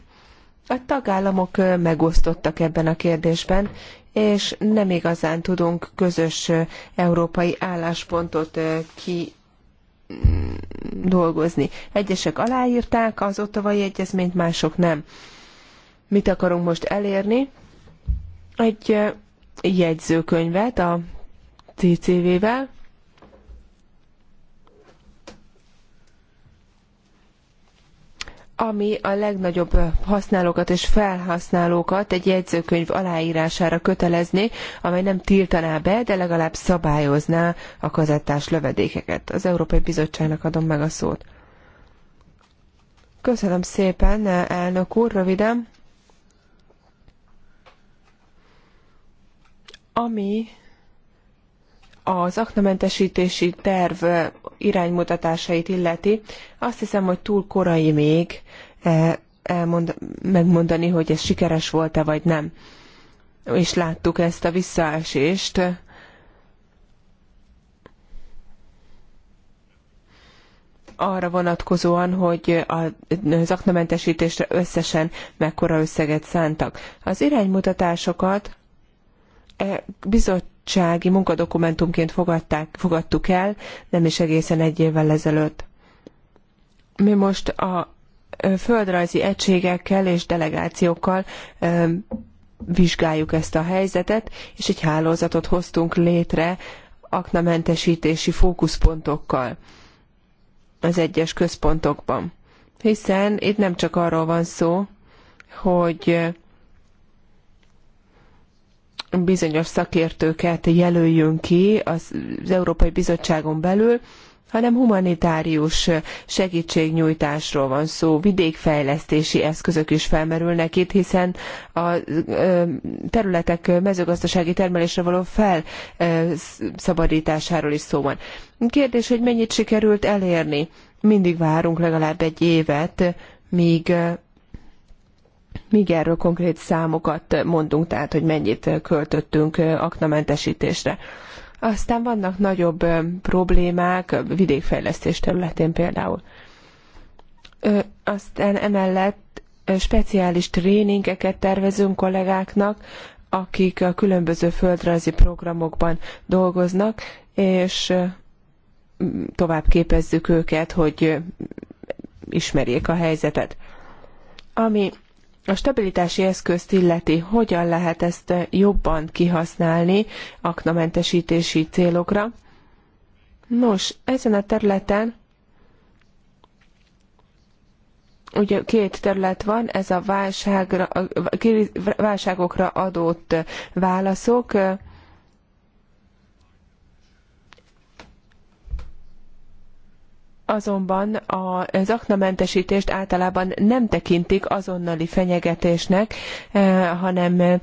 a tagállamok megosztottak ebben a kérdésben, és nem igazán tudunk közös európai álláspontot ki dolgozni. Egyesek aláírták az ottavai egyezményt, mások nem. Mit akarunk most elérni? Egy jegyzőkönyvet a CCV-vel, ami a legnagyobb használókat és felhasználókat egy jegyzőkönyv aláírására kötelezné, amely nem tiltaná be, de legalább szabályozná a kazettás lövedékeket. Az Európai Bizottságnak adom meg a szót. Köszönöm szépen, elnök úr, röviden. Ami az aknamentesítési terv iránymutatásait illeti, azt hiszem, hogy túl korai még eh, elmond, megmondani, hogy ez sikeres volt-e vagy nem. És láttuk ezt a visszaesést. arra vonatkozóan, hogy az zaknamentesítésre összesen mekkora összeget szántak. Az iránymutatásokat eh, bizott bizottsági munkadokumentumként fogadták, fogadtuk el, nem is egészen egy évvel ezelőtt. Mi most a földrajzi egységekkel és delegációkkal vizsgáljuk ezt a helyzetet, és egy hálózatot hoztunk létre aknamentesítési fókuszpontokkal az egyes központokban. Hiszen itt nem csak arról van szó, hogy bizonyos szakértőket jelöljünk ki az, Európai Bizottságon belül, hanem humanitárius segítségnyújtásról van szó, vidékfejlesztési eszközök is felmerülnek itt, hiszen a területek mezőgazdasági termelésre való felszabadításáról is szó van. Kérdés, hogy mennyit sikerült elérni? Mindig várunk legalább egy évet, míg míg erről konkrét számokat mondunk, tehát hogy mennyit költöttünk aknamentesítésre. Aztán vannak nagyobb problémák, vidékfejlesztés területén például. Aztán emellett speciális tréningeket tervezünk kollégáknak, akik a különböző földrajzi programokban dolgoznak, és tovább képezzük őket, hogy ismerjék a helyzetet. Ami a stabilitási eszközt illeti, hogyan lehet ezt jobban kihasználni aknamentesítési célokra? Nos, ezen a területen ugye két terület van, ez a válságra, válságokra adott válaszok, azonban a aknamentesítést általában nem tekintik azonnali fenyegetésnek, e, hanem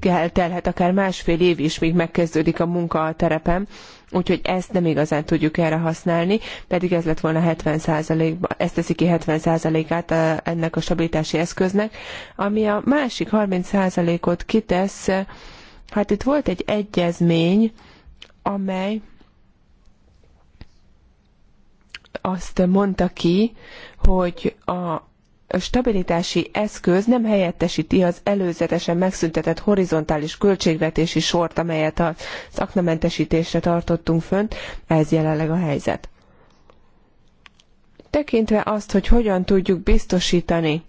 eltelhet akár másfél év is, míg megkezdődik a munka a terepen úgyhogy ezt nem igazán tudjuk erre használni, pedig ez lett volna 70%-ba, ezt teszi ki 70%-át e, ennek a stabilitási eszköznek, ami a másik 30%-ot kitesz, e, hát itt volt egy egyezmény, amely azt mondta ki, hogy a stabilitási eszköz nem helyettesíti az előzetesen megszüntetett horizontális költségvetési sort, amelyet a szaknamentesítésre tartottunk fönt, ez jelenleg a helyzet. Tekintve azt, hogy hogyan tudjuk biztosítani,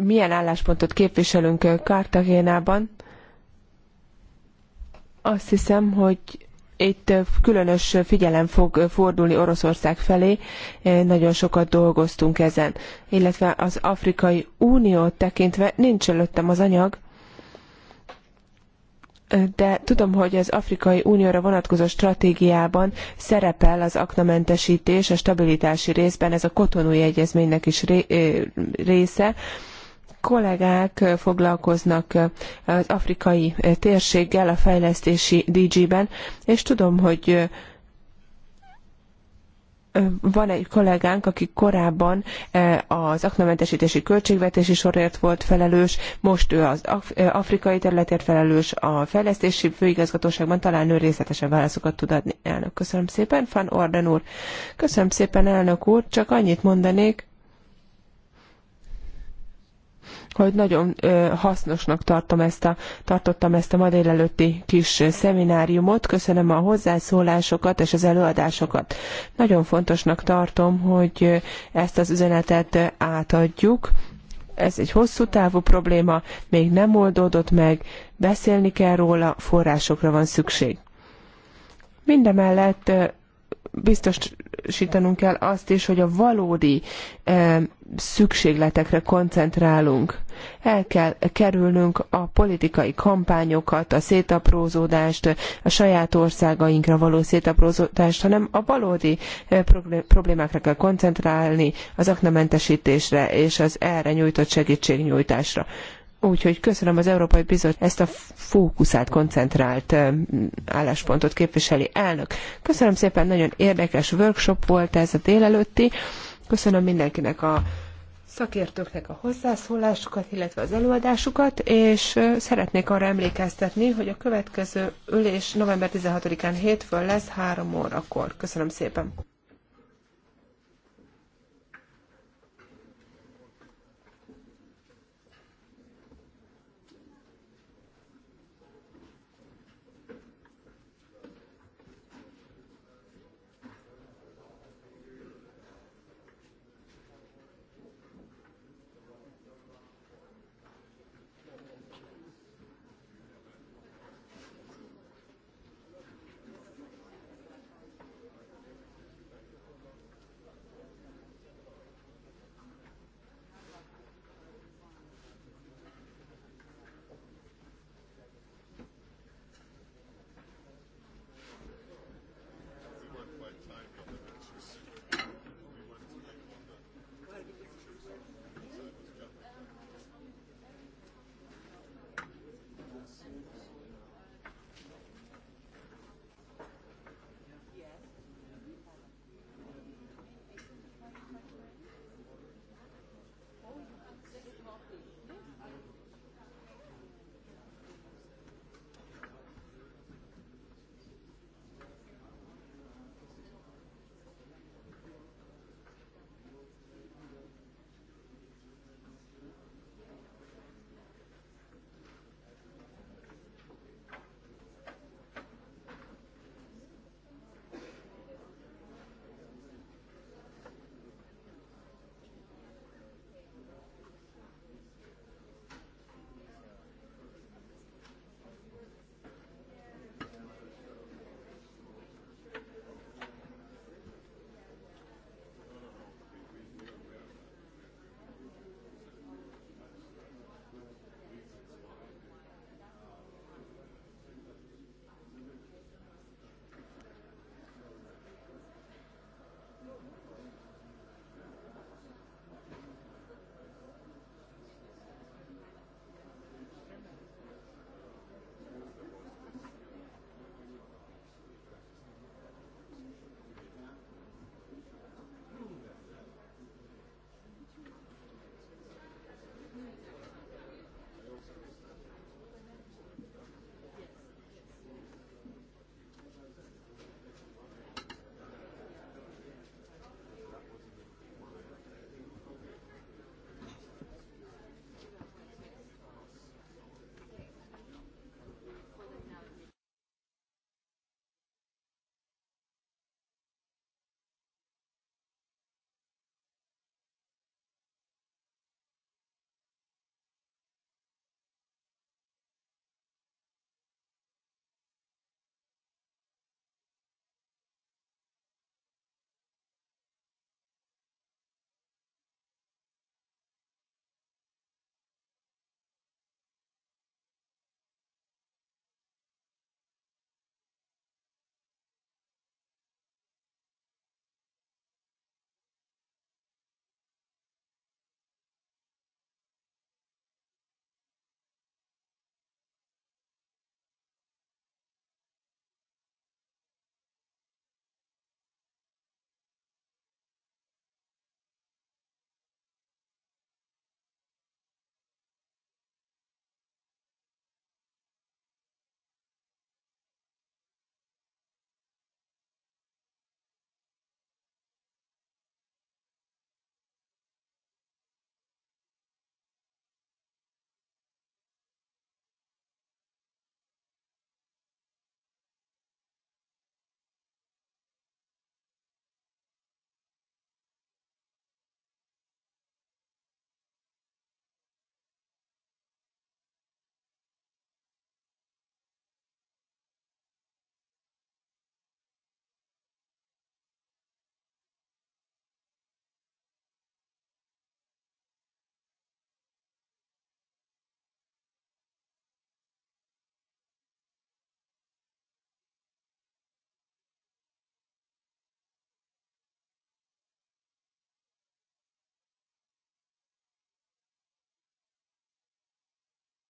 milyen álláspontot képviselünk Kartagénában, azt hiszem, hogy itt különös figyelem fog fordulni Oroszország felé, nagyon sokat dolgoztunk ezen. Illetve az Afrikai Uniót tekintve nincs előttem az anyag, de tudom, hogy az Afrikai Unióra vonatkozó stratégiában szerepel az aknamentesítés, a stabilitási részben, ez a kotonúi egyezménynek is része, kollégák foglalkoznak az afrikai térséggel a fejlesztési DG-ben, és tudom, hogy van egy kollégánk, aki korábban az aknamentesítési költségvetési sorért volt felelős, most ő az afrikai területért felelős a fejlesztési főigazgatóságban, talán ő részletesebb válaszokat tud adni. Elnök, köszönöm szépen, van Orden úr. Köszönöm szépen, elnök úr, csak annyit mondanék, hogy nagyon hasznosnak tartom ezt a, tartottam ezt a ma délelőtti kis szemináriumot. Köszönöm a hozzászólásokat és az előadásokat. Nagyon fontosnak tartom, hogy ezt az üzenetet átadjuk. Ez egy hosszú távú probléma, még nem oldódott meg, beszélni kell róla, forrásokra van szükség. Mindemellett biztosítanunk kell azt is, hogy a valódi eh, szükségletekre koncentrálunk. El kell kerülnünk a politikai kampányokat, a szétaprózódást, a saját országainkra való szétaprózódást, hanem a valódi eh, problémákra kell koncentrálni, az aknamentesítésre és az erre nyújtott segítségnyújtásra. Úgyhogy köszönöm az Európai Bizottság ezt a fókuszált, koncentrált álláspontot képviseli elnök. Köszönöm szépen, nagyon érdekes workshop volt ez a délelőtti. Köszönöm mindenkinek a szakértőknek a hozzászólásukat, illetve az előadásukat, és szeretnék arra emlékeztetni, hogy a következő ülés november 16-án hétfőn lesz 3 órakor. Köszönöm szépen!